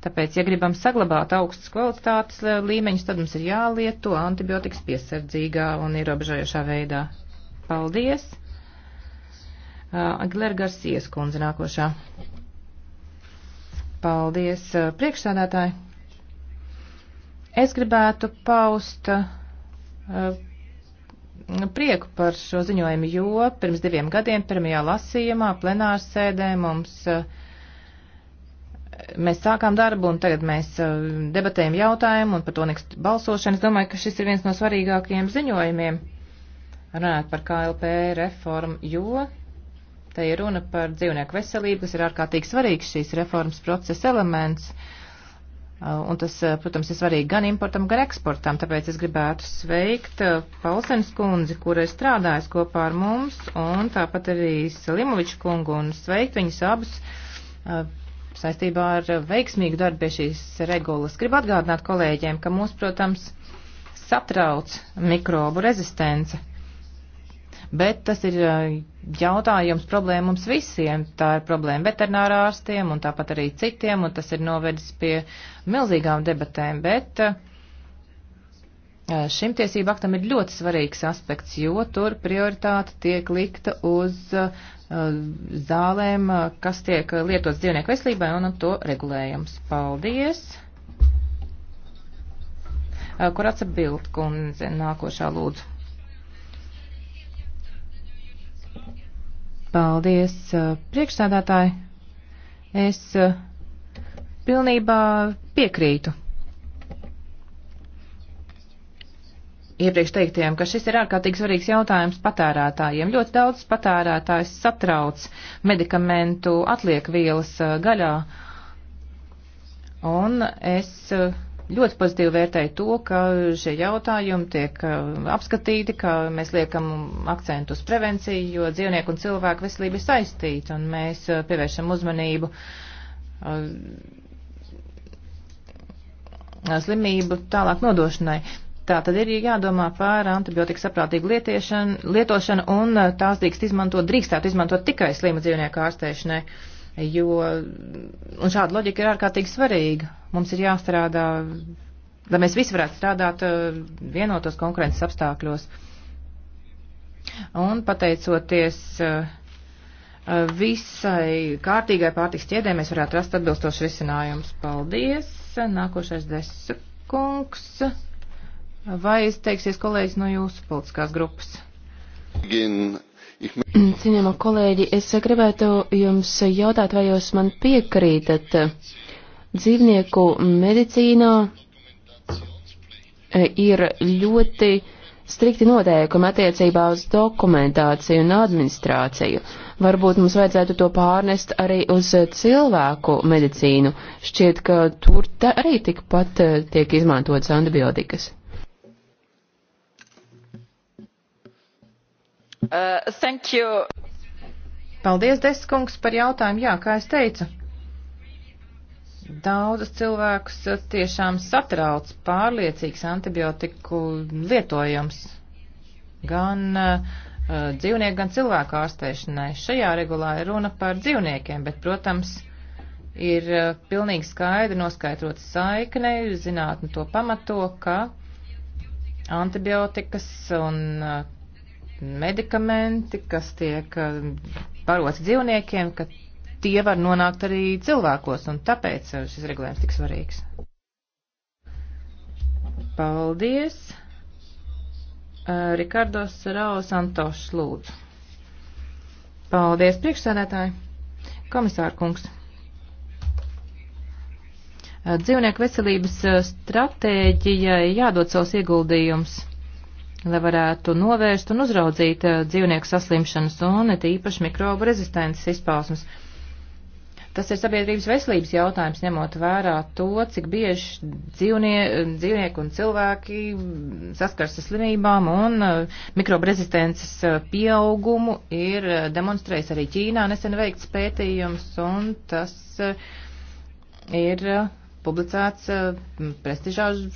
Tāpēc, ja gribam saglabāt augstas kvalitātes uh, līmeņus, tad mums ir jālieto antibiotikas piesardzīgā un ierobežojošā veidā. Paldies! Uh, Aguilera Garcijas kundze nākošā. Paldies, uh, priekšsādātāji. Es gribētu paust uh, prieku par šo ziņojumu, jo pirms diviem gadiem pirmajā lasījumā plenārsēdē mums mēs sākām darbu un tagad mēs debatējam jautājumu un par to niks balsošanu. Es domāju, ka šis ir viens no svarīgākajiem ziņojumiem runāt par KLP reformu, jo Te ir runa par dzīvnieku veselību, kas ir ārkārtīgi svarīgs šīs reformas procesa elements. Uh, un tas, uh, protams, ir svarīgi gan importam, gan eksportam, tāpēc es gribētu sveikt uh, Paulsens kundzi, kura ir strādājusi kopā ar mums, un tāpat arī Salimoviču kungu, un sveikt viņus abus saistībā ar veiksmīgu darbu pie šīs regulas. Gribu atgādināt kolēģiem, ka mūs, protams, satrauc mikrobu rezistence, bet tas ir jautājums, problēma mums visiem. Tā ir problēma veterinārārstiem un tāpat arī citiem, un tas ir novedis pie milzīgām debatēm, bet eh, šim tiesību aktam ir ļoti svarīgs aspekts, jo tur prioritāte tiek likta uz eh, zālēm, kas tiek lietots dzīvnieku veselībai un to regulējums. Paldies! Eh, Kur atsebild kundze nākošā lūdzu? Paldies, uh, priekšsādātāji. Es uh, pilnībā piekrītu iepriekš teiktajam, ka šis ir ārkārtīgi svarīgs jautājums patērētājiem. Ļoti daudz patērētājs satrauc medikamentu atliekvielas uh, gaļā. Un es uh, ļoti pozitīvi vērtēju to, ka šie jautājumi tiek uh, apskatīti, ka mēs liekam akcentu uz prevenciju, jo dzīvnieku un cilvēku veselība ir saistīta, un mēs uh, pievēršam uzmanību uh, slimību tālāk nodošanai. Tā tad ir jādomā par antibiotiku saprātīgu lietošanu, un tās drīkst izmantot, drīkstētu izmantot tikai slima dzīvnieku ārstēšanai. Uh, jo šāda loģika ir ārkārtīgi svarīga. Mums ir jāstrādā, lai mēs visi varētu strādāt uh, vienotos konkurences apstākļos. Un pateicoties uh, uh, visai kārtīgai pārtiks ķēdē, mēs varētu rast atbilstošu risinājumus. Paldies! Nākošais desakungs. Vai izteiksies kolēģis no jūsu politiskās grupas? Gin Cienījamā kolēģi, es gribētu jums jautāt, vai jūs man piekrītat dzīvnieku medicīnā e, ir ļoti strikti noteikumi attiecībā uz dokumentāciju un administrāciju. Varbūt mums vajadzētu to pārnest arī uz cilvēku medicīnu. Šķiet, ka tur arī tikpat e, tiek izmantotas antibiotikas. Uh, Paldies, Deskungs, par jautājumu. Jā, kā es teicu, daudzas cilvēkus tiešām satrauc pārliecīgs antibiotiku lietojums gan uh, dzīvnieku, gan cilvēku ārstēšanai. Šajā regulā ir runa par dzīvniekiem, bet, protams, ir uh, pilnīgi skaidri noskaitrot saikne, zinātni to pamato, ka antibiotikas un uh, medikamenti, kas tiek baroti eh, dzīvniekiem, ka tie var nonākt arī cilvēkos, un tāpēc eh, šis regulējums tik svarīgs. Paldies. Eh, Rikardo Saraus Antošs lūdzu. Paldies, priekšsēdētāji. Komisāra kungs. Dzīvnieku veselības stratēģijai jādod savus ieguldījumus lai varētu novērst un uzraudzīt eh, dzīvnieku saslimšanas un tīpaši mikrobu rezistences izpausmes. Tas ir sabiedrības veselības jautājums, ņemot vērā to, cik bieži dzīvnie, dzīvnieki un cilvēki saskars ar slimībām un eh, mikrobu rezistences eh, pieaugumu ir demonstrējis arī Ķīnā nesen veikts pētījums, un tas ir publicēts prestižās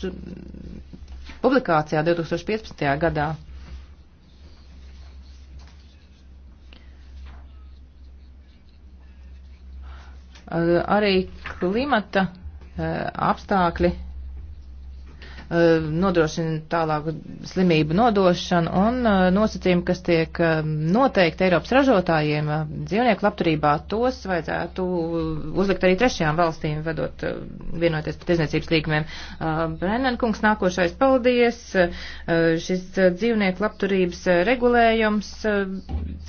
publikācijā 2015. gadā. Arī klimata eh, apstākļi Eh, nodrošina tālāku slimību nodošanu un eh, nosacījumi, kas tiek eh, noteikti Eiropas ražotājiem dzīvnieku labturībā, tos vajadzētu uzlikt arī trešajām valstīm, vedot vienoties par tiesniecības līgumiem. Brennankungs nākošais paldies. Šis dzīvnieku labturības regulējums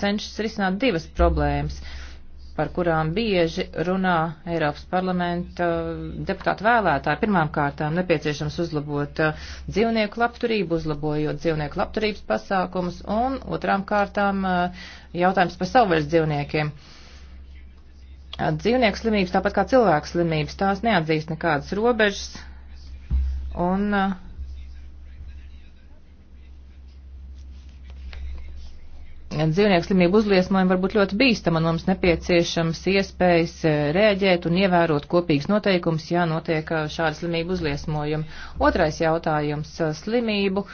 cenšas risināt divas problēmas par kurām bieži runā Eiropas parlamenta uh, deputātu vēlētāji. Pirmām kārtām nepieciešams uzlabot uh, dzīvnieku labturību, uzlabojot dzīvnieku labturības pasākumus, un otrām kārtām uh, jautājums par savvaļas dzīvniekiem. Dzīvnieku slimības, tāpat kā cilvēku slimības, tās neatzīst nekādas robežas, un uh, dzīvnieku slimību uzliesmojumi var būt ļoti bīstami, un mums nepieciešams iespējas eh, rēģēt un ievērot kopīgas noteikumus, ja notiek eh, šāda slimību uzliesmojumi. Otrais jautājums eh, - slimību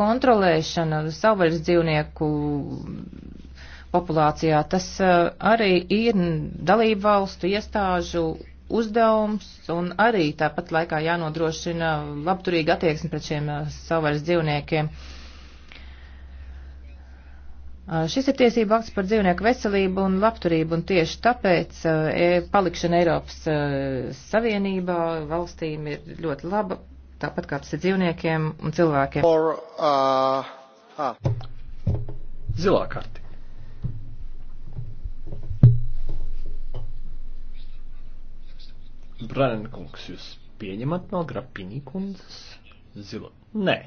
kontrolēšana savvaļas dzīvnieku populācijā. Tas arī ir dalību valstu iestāžu uzdevums un arī tāpat laikā jānodrošina labturīga attieksme pret šiem savvaļas dzīvniekiem. Uh, Uh, šis ir tiesība akts par dzīvnieku veselību un labturību, un tieši tāpēc uh, e, palikšana Eiropas uh, Savienībā valstīm ir ļoti laba, tāpat kā tas ir dzīvniekiem un cilvēkiem. Or, uh, ah. Zilā karti. Brānenkungs, jūs pieņemat no grapinī kundzes zilo? Nē.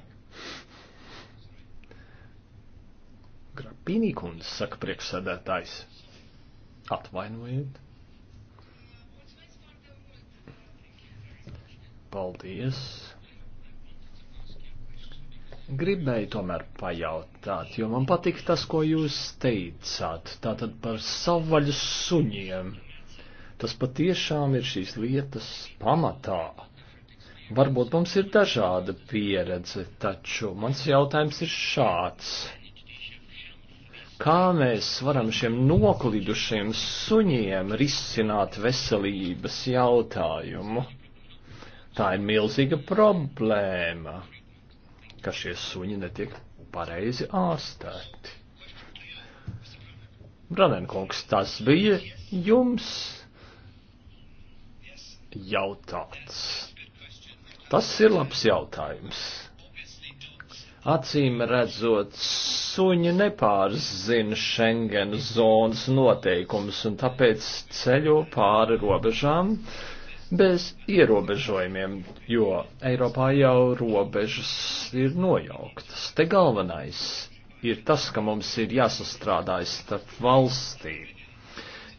Grapīnī kundze, saka priekšsēdētājs. Atvainojiet. Paldies. Gribēju tomēr pajautāt, jo man patika tas, ko jūs teicāt, tātad par savvaļas suņiem. Tas patiešām ir šīs lietas pamatā. Varbūt mums ir dažāda pieredze, taču mans jautājums ir šāds kā mēs varam šiem noklidušiem suņiem risināt veselības jautājumu. Tā ir milzīga problēma, ka šie suņi netiek pareizi ārstēti. Branenkungs, tas bija jums jautāts. Tas ir labs jautājums. Acīm redzot, suņi nepārzina Schengen zonas noteikumus un tāpēc ceļo pāri robežām bez ierobežojumiem, jo Eiropā jau robežas ir nojauktas. Te galvenais ir tas, ka mums ir jāsastrādājas starp valstīm.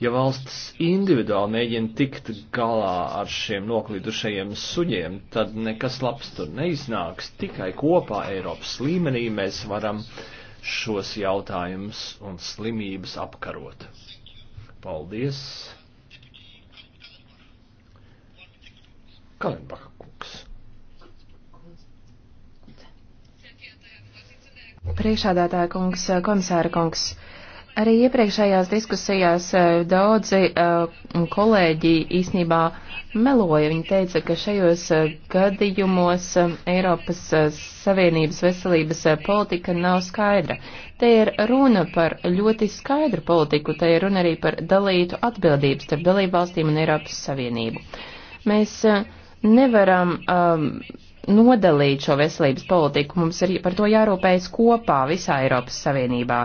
Ja valsts individuāli mēģina tikt galā ar šiem noklidušajiem suņiem, tad nekas labs tur neiznāks. Tikai kopā Eiropas līmenī mēs varam šos jautājumus un slimības apkarot. Paldies! Kalenbaka kungs. Priekšādātāja kungs, komisāra kungs. Arī iepriekšējās diskusijās eh, daudzi eh, kolēģi īsnībā meloja. Viņa teica, ka šajos eh, gadījumos eh, Eiropas eh, Savienības veselības politika nav skaidra. Te ir runa par ļoti skaidru politiku, te ir runa arī par dalītu atbildību starp dalībvalstīm un Eiropas Savienību. Mēs nevaram um, nodalīt šo veselības politiku, mums ir par to jārūpējas kopā visā Eiropas Savienībā,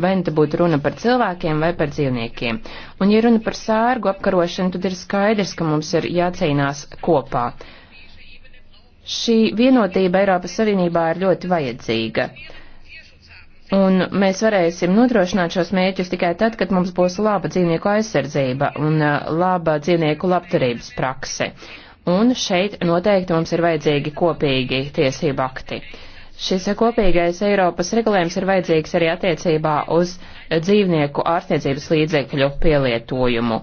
vai nu te būtu runa par cilvēkiem vai par dzīvniekiem. Un, ja runa par sērgu apkarošanu, tad ir skaidrs, ka mums ir jācīnās kopā. Šī vienotība Eiropas Savienībā ir ļoti vajadzīga. Un mēs varēsim nodrošināt šos mērķus tikai tad, kad mums būs laba dzīvnieku aizsardzība un laba dzīvnieku labturības prakse. Un šeit noteikti mums ir vajadzīgi kopīgi tiesību akti. Šis kopīgais Eiropas regulējums ir vajadzīgs arī attiecībā uz dzīvnieku ārstniecības līdzekļu pielietojumu.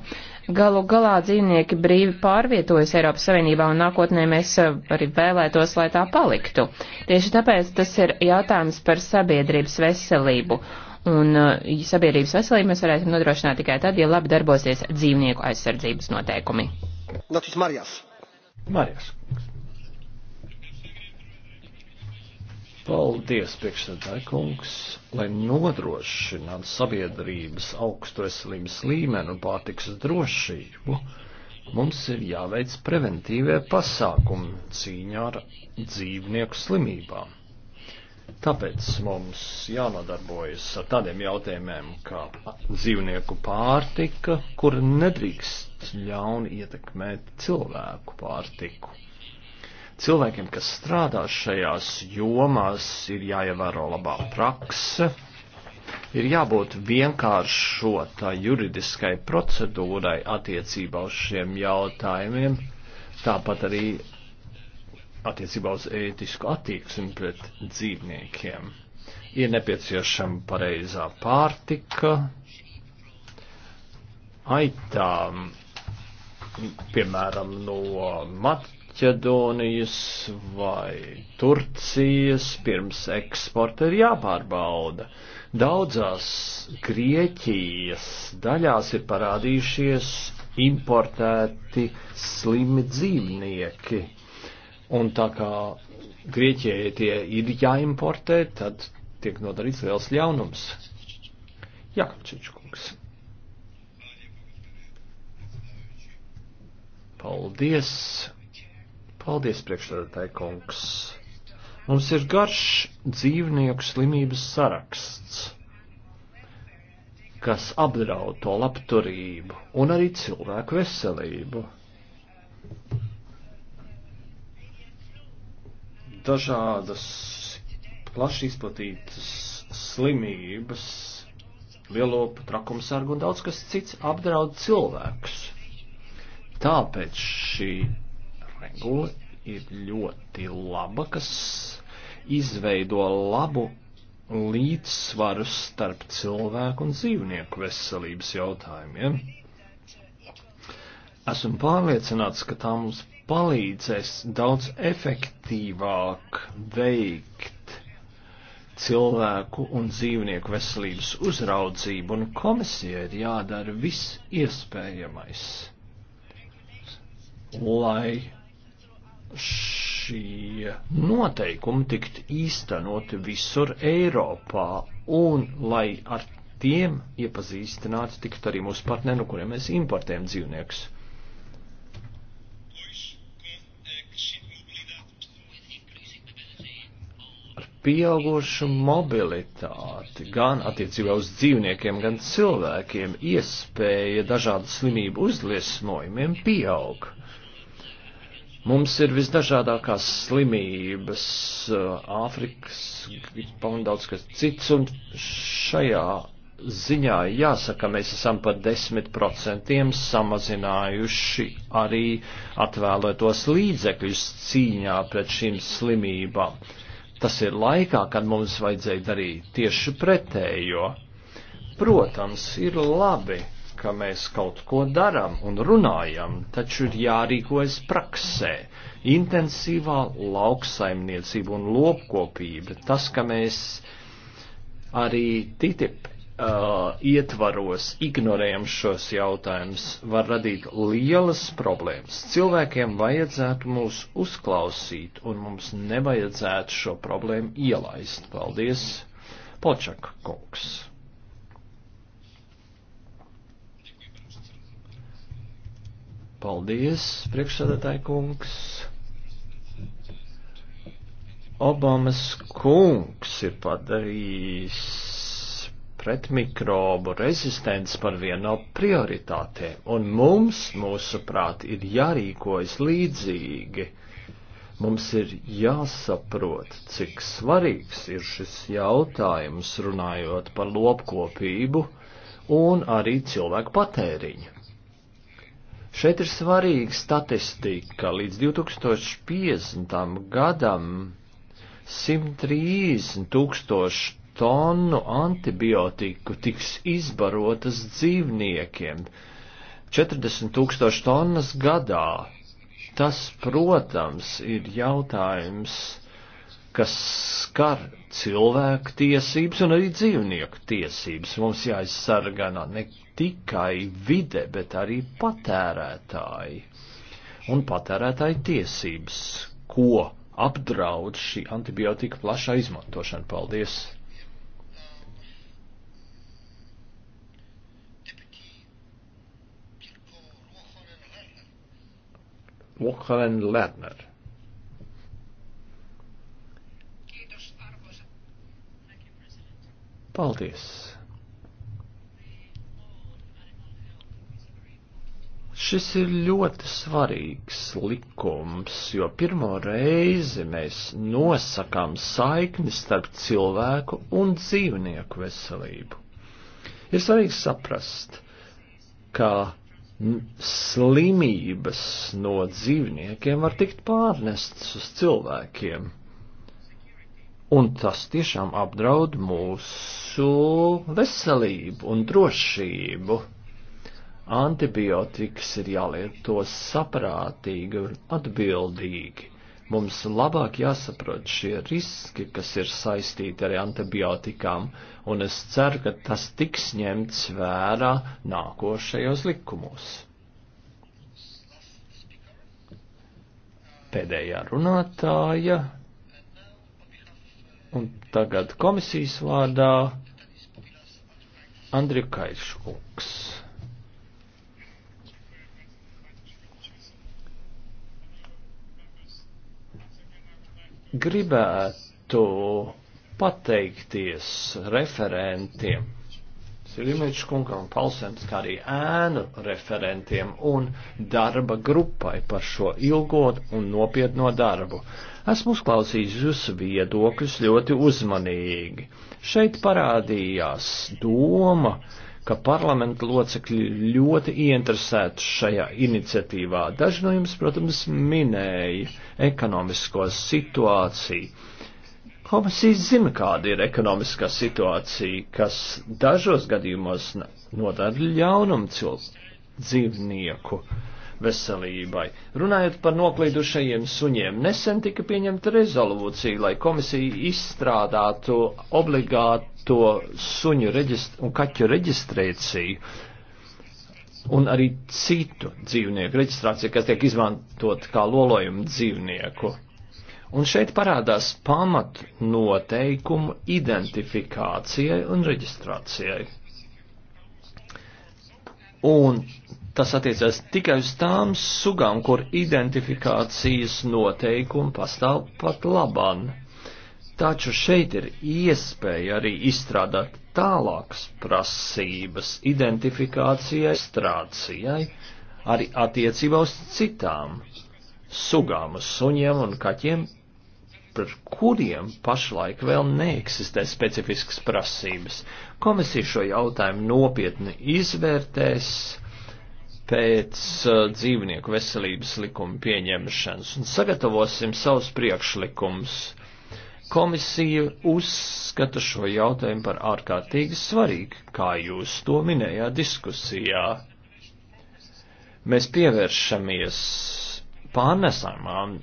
Galu galā dzīvnieki brīvi pārvietojas Eiropas Savienībā un nākotnē mēs arī vēlētos, lai tā paliktu. Tieši tāpēc tas ir jautājums par sabiedrības veselību. Un uh, sabiedrības veselību mēs varētu nodrošināt tikai tad, ja labi darbosies dzīvnieku aizsardzības noteikumi. Notis Marijas. Marijas kungs. Paldies, priekšsēdētāji kungs, lai nodrošinātu sabiedrības augstu veselības līmeni un pārtiks drošību. Mums ir jāveic preventīvie pasākumi cīņā ar dzīvnieku slimībām. Tāpēc mums jānodarbojas ar tādiem jautājumiem kā dzīvnieku pārtika, kur nedrīkst ļauni ietekmēt cilvēku pārtiku. Cilvēkiem, kas strādā šajās jomās, ir jāievēro labā prakse, ir jābūt vienkāršotā juridiskai procedūrai attiecībā uz šiem jautājumiem, tāpat arī attiecībā uz ētisku attieksmi pret dzīvniekiem. Ir nepieciešama pareizā pārtika, aitām, piemēram, no Maķedonijas vai Turcijas pirms eksporta ir jāpārbauda. Daudzās Grieķijas daļās ir parādījušies importēti slimi dzīvnieki Un tā kā Grieķijai tie ir jāimportē, tad tiek nodarīts liels ļaunums. Jā, Čičkungs. Paldies. Paldies, priekšstādātāji kungs. Mums ir garš dzīvnieku slimības saraksts, kas apdraud to labturību un arī cilvēku veselību. dažādas plaši izplatītas slimības, lielopu trakumsargu un daudz kas cits apdraud cilvēkus. Tāpēc šī regula ir ļoti laba, kas izveido labu līdzsvaru starp cilvēku un dzīvnieku veselības jautājumiem. Esmu pārliecināts, ka tā mums palīdzēs daudz efektīvāk veikt cilvēku un dzīvnieku veselības uzraudzību, un komisija ir jādara viss iespējamais, lai šie noteikumi tikt īstenoti visur Eiropā, un lai ar tiem iepazīstināti tikt arī mūsu partneri, no kuriem mēs importējam dzīvniekus. pieaugušu mobilitāti gan attiecībā uz dzīvniekiem, gan cilvēkiem, iespēja dažādu slimību uzliesmojumiem pieaug. Mums ir visdažādākās slimības, Āfrikas, un daudz kas cits, un šajā ziņā jāsaka, mēs esam par 10% samazinājuši arī atvēlētos līdzekļus cīņā pret šīm slimībām. Tas ir laikā, kad mums vajadzēja darīt tieši pretējo. Protams, ir labi, ka mēs kaut ko darām un runājam, taču ir jārīkojas praksē. Intensīvā lauksaimniecība un lopkopība, tas, ka mēs arī TTIP uh, ietvaros ignorējam šos jautājumus, var radīt lielas problēmas. Cilvēkiem vajadzētu mūs uzklausīt, un mums nevajadzētu šo problēmu ielaist. Paldies, Počak kungs! Paldies, priekšsēdētāji kungs! Obamas kungs ir padarījis pret mikrobu rezistents par vienu no prioritātēm, un mums, mūsuprāt, ir jārīkojas līdzīgi. Mums ir jāsaprot, cik svarīgs ir šis jautājums runājot par lopkopību un arī cilvēku patēriņu. Šeit ir svarīga statistika. Līdz 2050. gadam 130 tūkstoši tonu antibiotiku tiks izbarotas dzīvniekiem. 40 tūkstoši tonnas gadā. Tas, protams, ir jautājums, kas skar cilvēku tiesības un arī dzīvnieku tiesības. Mums jāizsargā ne tikai vide, bet arī patērētāji un patērētāju tiesības, ko apdraud šī antibiotika plašā izmantošana. Paldies! Vuokkalen Lerner. Paldies! Šis ir ļoti svarīgs likums, jo pirmo reizi mēs nosakām saikni starp cilvēku un dzīvnieku veselību. Ir svarīgi saprast, ka slimības no dzīvniekiem var tikt pārnestas uz cilvēkiem. Un tas tiešām apdraud mūsu veselību un drošību. Antibiotikas ir jālieto saprātīgi un atbildīgi Mums labāk jāsaprot šie riski, kas ir saistīti ar antibiotikām, un es ceru, ka tas tiks ņemts vērā nākošajos likumos. Pēdējā runātāja, un tagad komisijas vārdā Andrija Kaiškungs. Gribētu pateikties referentiem, Silimičs kungam, Palsens, kā arī ēnu referentiem un darba grupai par šo ilgot un nopietno darbu. Esmu uzklausījis jūsu viedokļus ļoti uzmanīgi. Šeit parādījās doma, uh, ka parlamenta locekļi ļoti ieinteresēti šajā iniciatīvā. Daži no jums, protams, minēja ekonomisko situāciju. Komisija zina, kāda ir ekonomiskā situācija, kas dažos gadījumos nodara ļaunumu cilvēku dzīvnieku. Uh, veselībai. Runājot par noklīdušajiem suņiem, nesen tika pieņemta rezolūcija, lai komisija izstrādātu obligāto suņu reģistr un kaķu reģistrēciju un arī citu dzīvnieku reģistrāciju, kas tiek izmantot kā lolojumu dzīvnieku. Un šeit parādās pamat noteikumu identifikācijai un reģistrācijai. Un Tas attiecas tikai uz tām sugām, kur identifikācijas noteikumi pastāv pat labāk. Taču šeit ir iespēja arī izstrādāt tālākas prasības identifikācijai, strācijai, arī attiecībā uz citām sugām, uz suņiem un kaķiem, par kuriem pašlaik vēl neeksistē specifiskas prasības. Komisija šo jautājumu nopietni izvērtēs pēc uh, dzīvnieku veselības likuma pieņemšanas un sagatavosim savus priekšlikumus. Komisija uzskata šo jautājumu par ārkārtīgi svarīgu, kā jūs to minējāt diskusijā. Mēs pievēršamies pārnesamām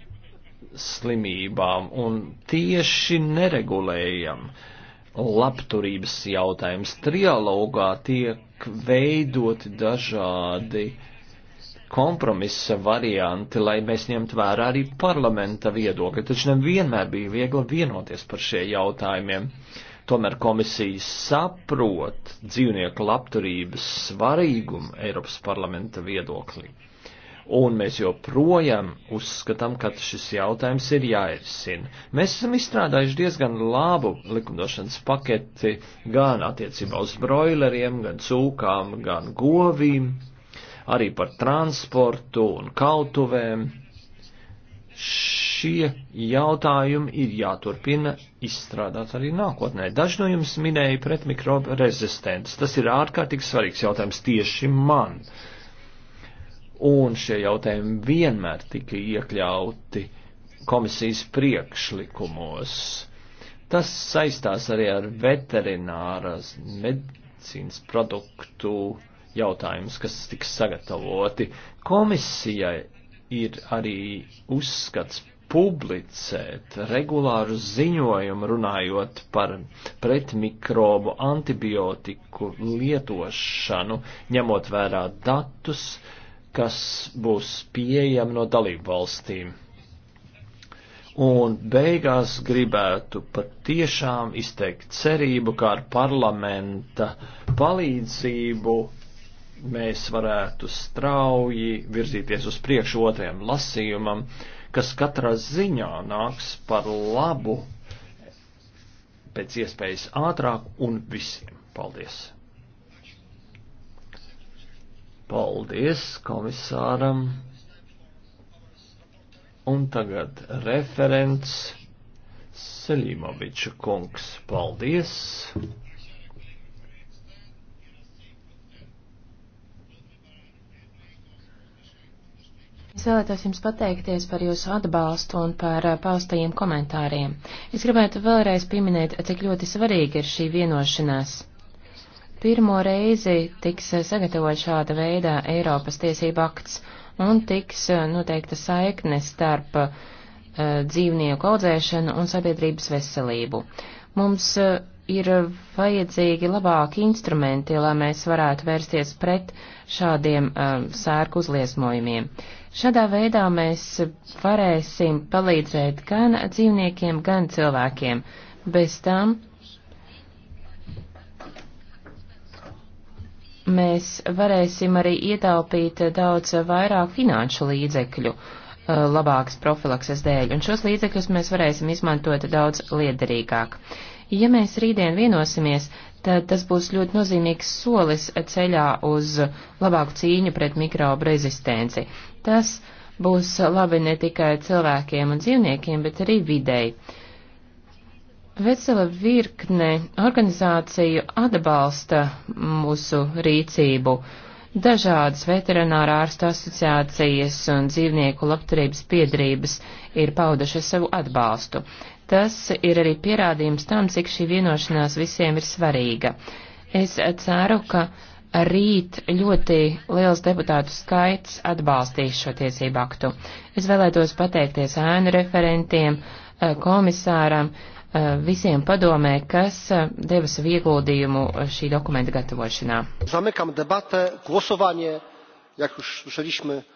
slimībām un tieši neregulējam labturības jautājums. Trialogā tiek tiek veidoti dažādi kompromisa varianti, lai mēs ņemtu vērā arī parlamenta viedokli, taču nevienmēr bija viegli vienoties par šie jautājumiem. Tomēr komisija saprot dzīvnieku labturības svarīgumu Eiropas parlamenta viedoklī. Un mēs joprojām uzskatām, ka šis jautājums ir jāirisina. Mēs esam izstrādājuši diezgan labu likumdošanas paketi gan attiecībā uz broileriem, gan cūkām, gan govīm, arī par transportu un kautuvēm. Šie jautājumi ir jāturpina izstrādāt arī nākotnē. Daži no jums minēja pretmikrobu rezistents. Tas ir ārkārtīgi svarīgs jautājums tieši man. Uh, un šie jautājumi vienmēr tika iekļauti komisijas priekšlikumos. Tas saistās arī ar veterināras medicīnas produktu jautājumus, kas tiks sagatavoti. Komisijai ir arī uzskats publicēt regulāru ziņojumu runājot par pretmikrobu antibiotiku lietošanu, ņemot vērā datus, uh, kas būs pieejami no dalību valstīm. Un beigās gribētu patiešām izteikt cerību, kā ar parlamenta palīdzību mēs varētu strauji virzīties uz priekšu otriem lasījumam, kas katrā ziņā nāks par labu pēc iespējas ātrāk un visiem. Paldies! Paldies komisāram. Un tagad referents Selimoviča kungs. Paldies. Es vēlētos jums pateikties par jūsu atbalstu un par uh, paustajiem komentāriem. Es gribētu vēlreiz pieminēt, cik ļoti svarīga ir šī vienošanās. Pirmo reizi tiks eh, sagatavot šāda veida Eiropas tiesība akts un tiks eh, noteikta saikne starp uh, dzīvnieku audzēšanu un sabiedrības veselību. Mums uh, ir vajadzīgi labāki instrumenti, lai mēs varētu vērsties pret šādiem uh, sērku uzliesmojumiem. Šādā veidā mēs varēsim palīdzēt gan dzīvniekiem, gan cilvēkiem. Bez tam mēs varēsim arī ietaupīt daudz vairāk finanšu līdzekļu uh, labākas profilakses dēļ, un šos līdzekļus mēs varēsim izmantot daudz liederīgāk. Ja mēs rītdien vienosimies, tad tas būs ļoti nozīmīgs solis ceļā uz labāku cīņu pret mikrobu rezistenci. Tas būs labi ne tikai cilvēkiem un dzīvniekiem, bet arī videi. Uh, Vesela virkne organizāciju atbalsta mūsu rīcību. Dažādas veterinārā ārsta asociācijas un dzīvnieku labturības piedrības ir paudušas savu atbalstu. Tas ir arī pierādījums tam, cik šī vienošanās visiem ir svarīga. Es ceru, ka rīt ļoti liels deputātu skaits atbalstīs šo tiesību aktu. Es vēlētos pateikties ēnu referentiem, eh, komisāram, visiem padomē, kas eh, deva savu ieguldījumu eh, šī dokumenta gatavošanā. Zamekam debate, głosovanie, jak już słyszeliśmy.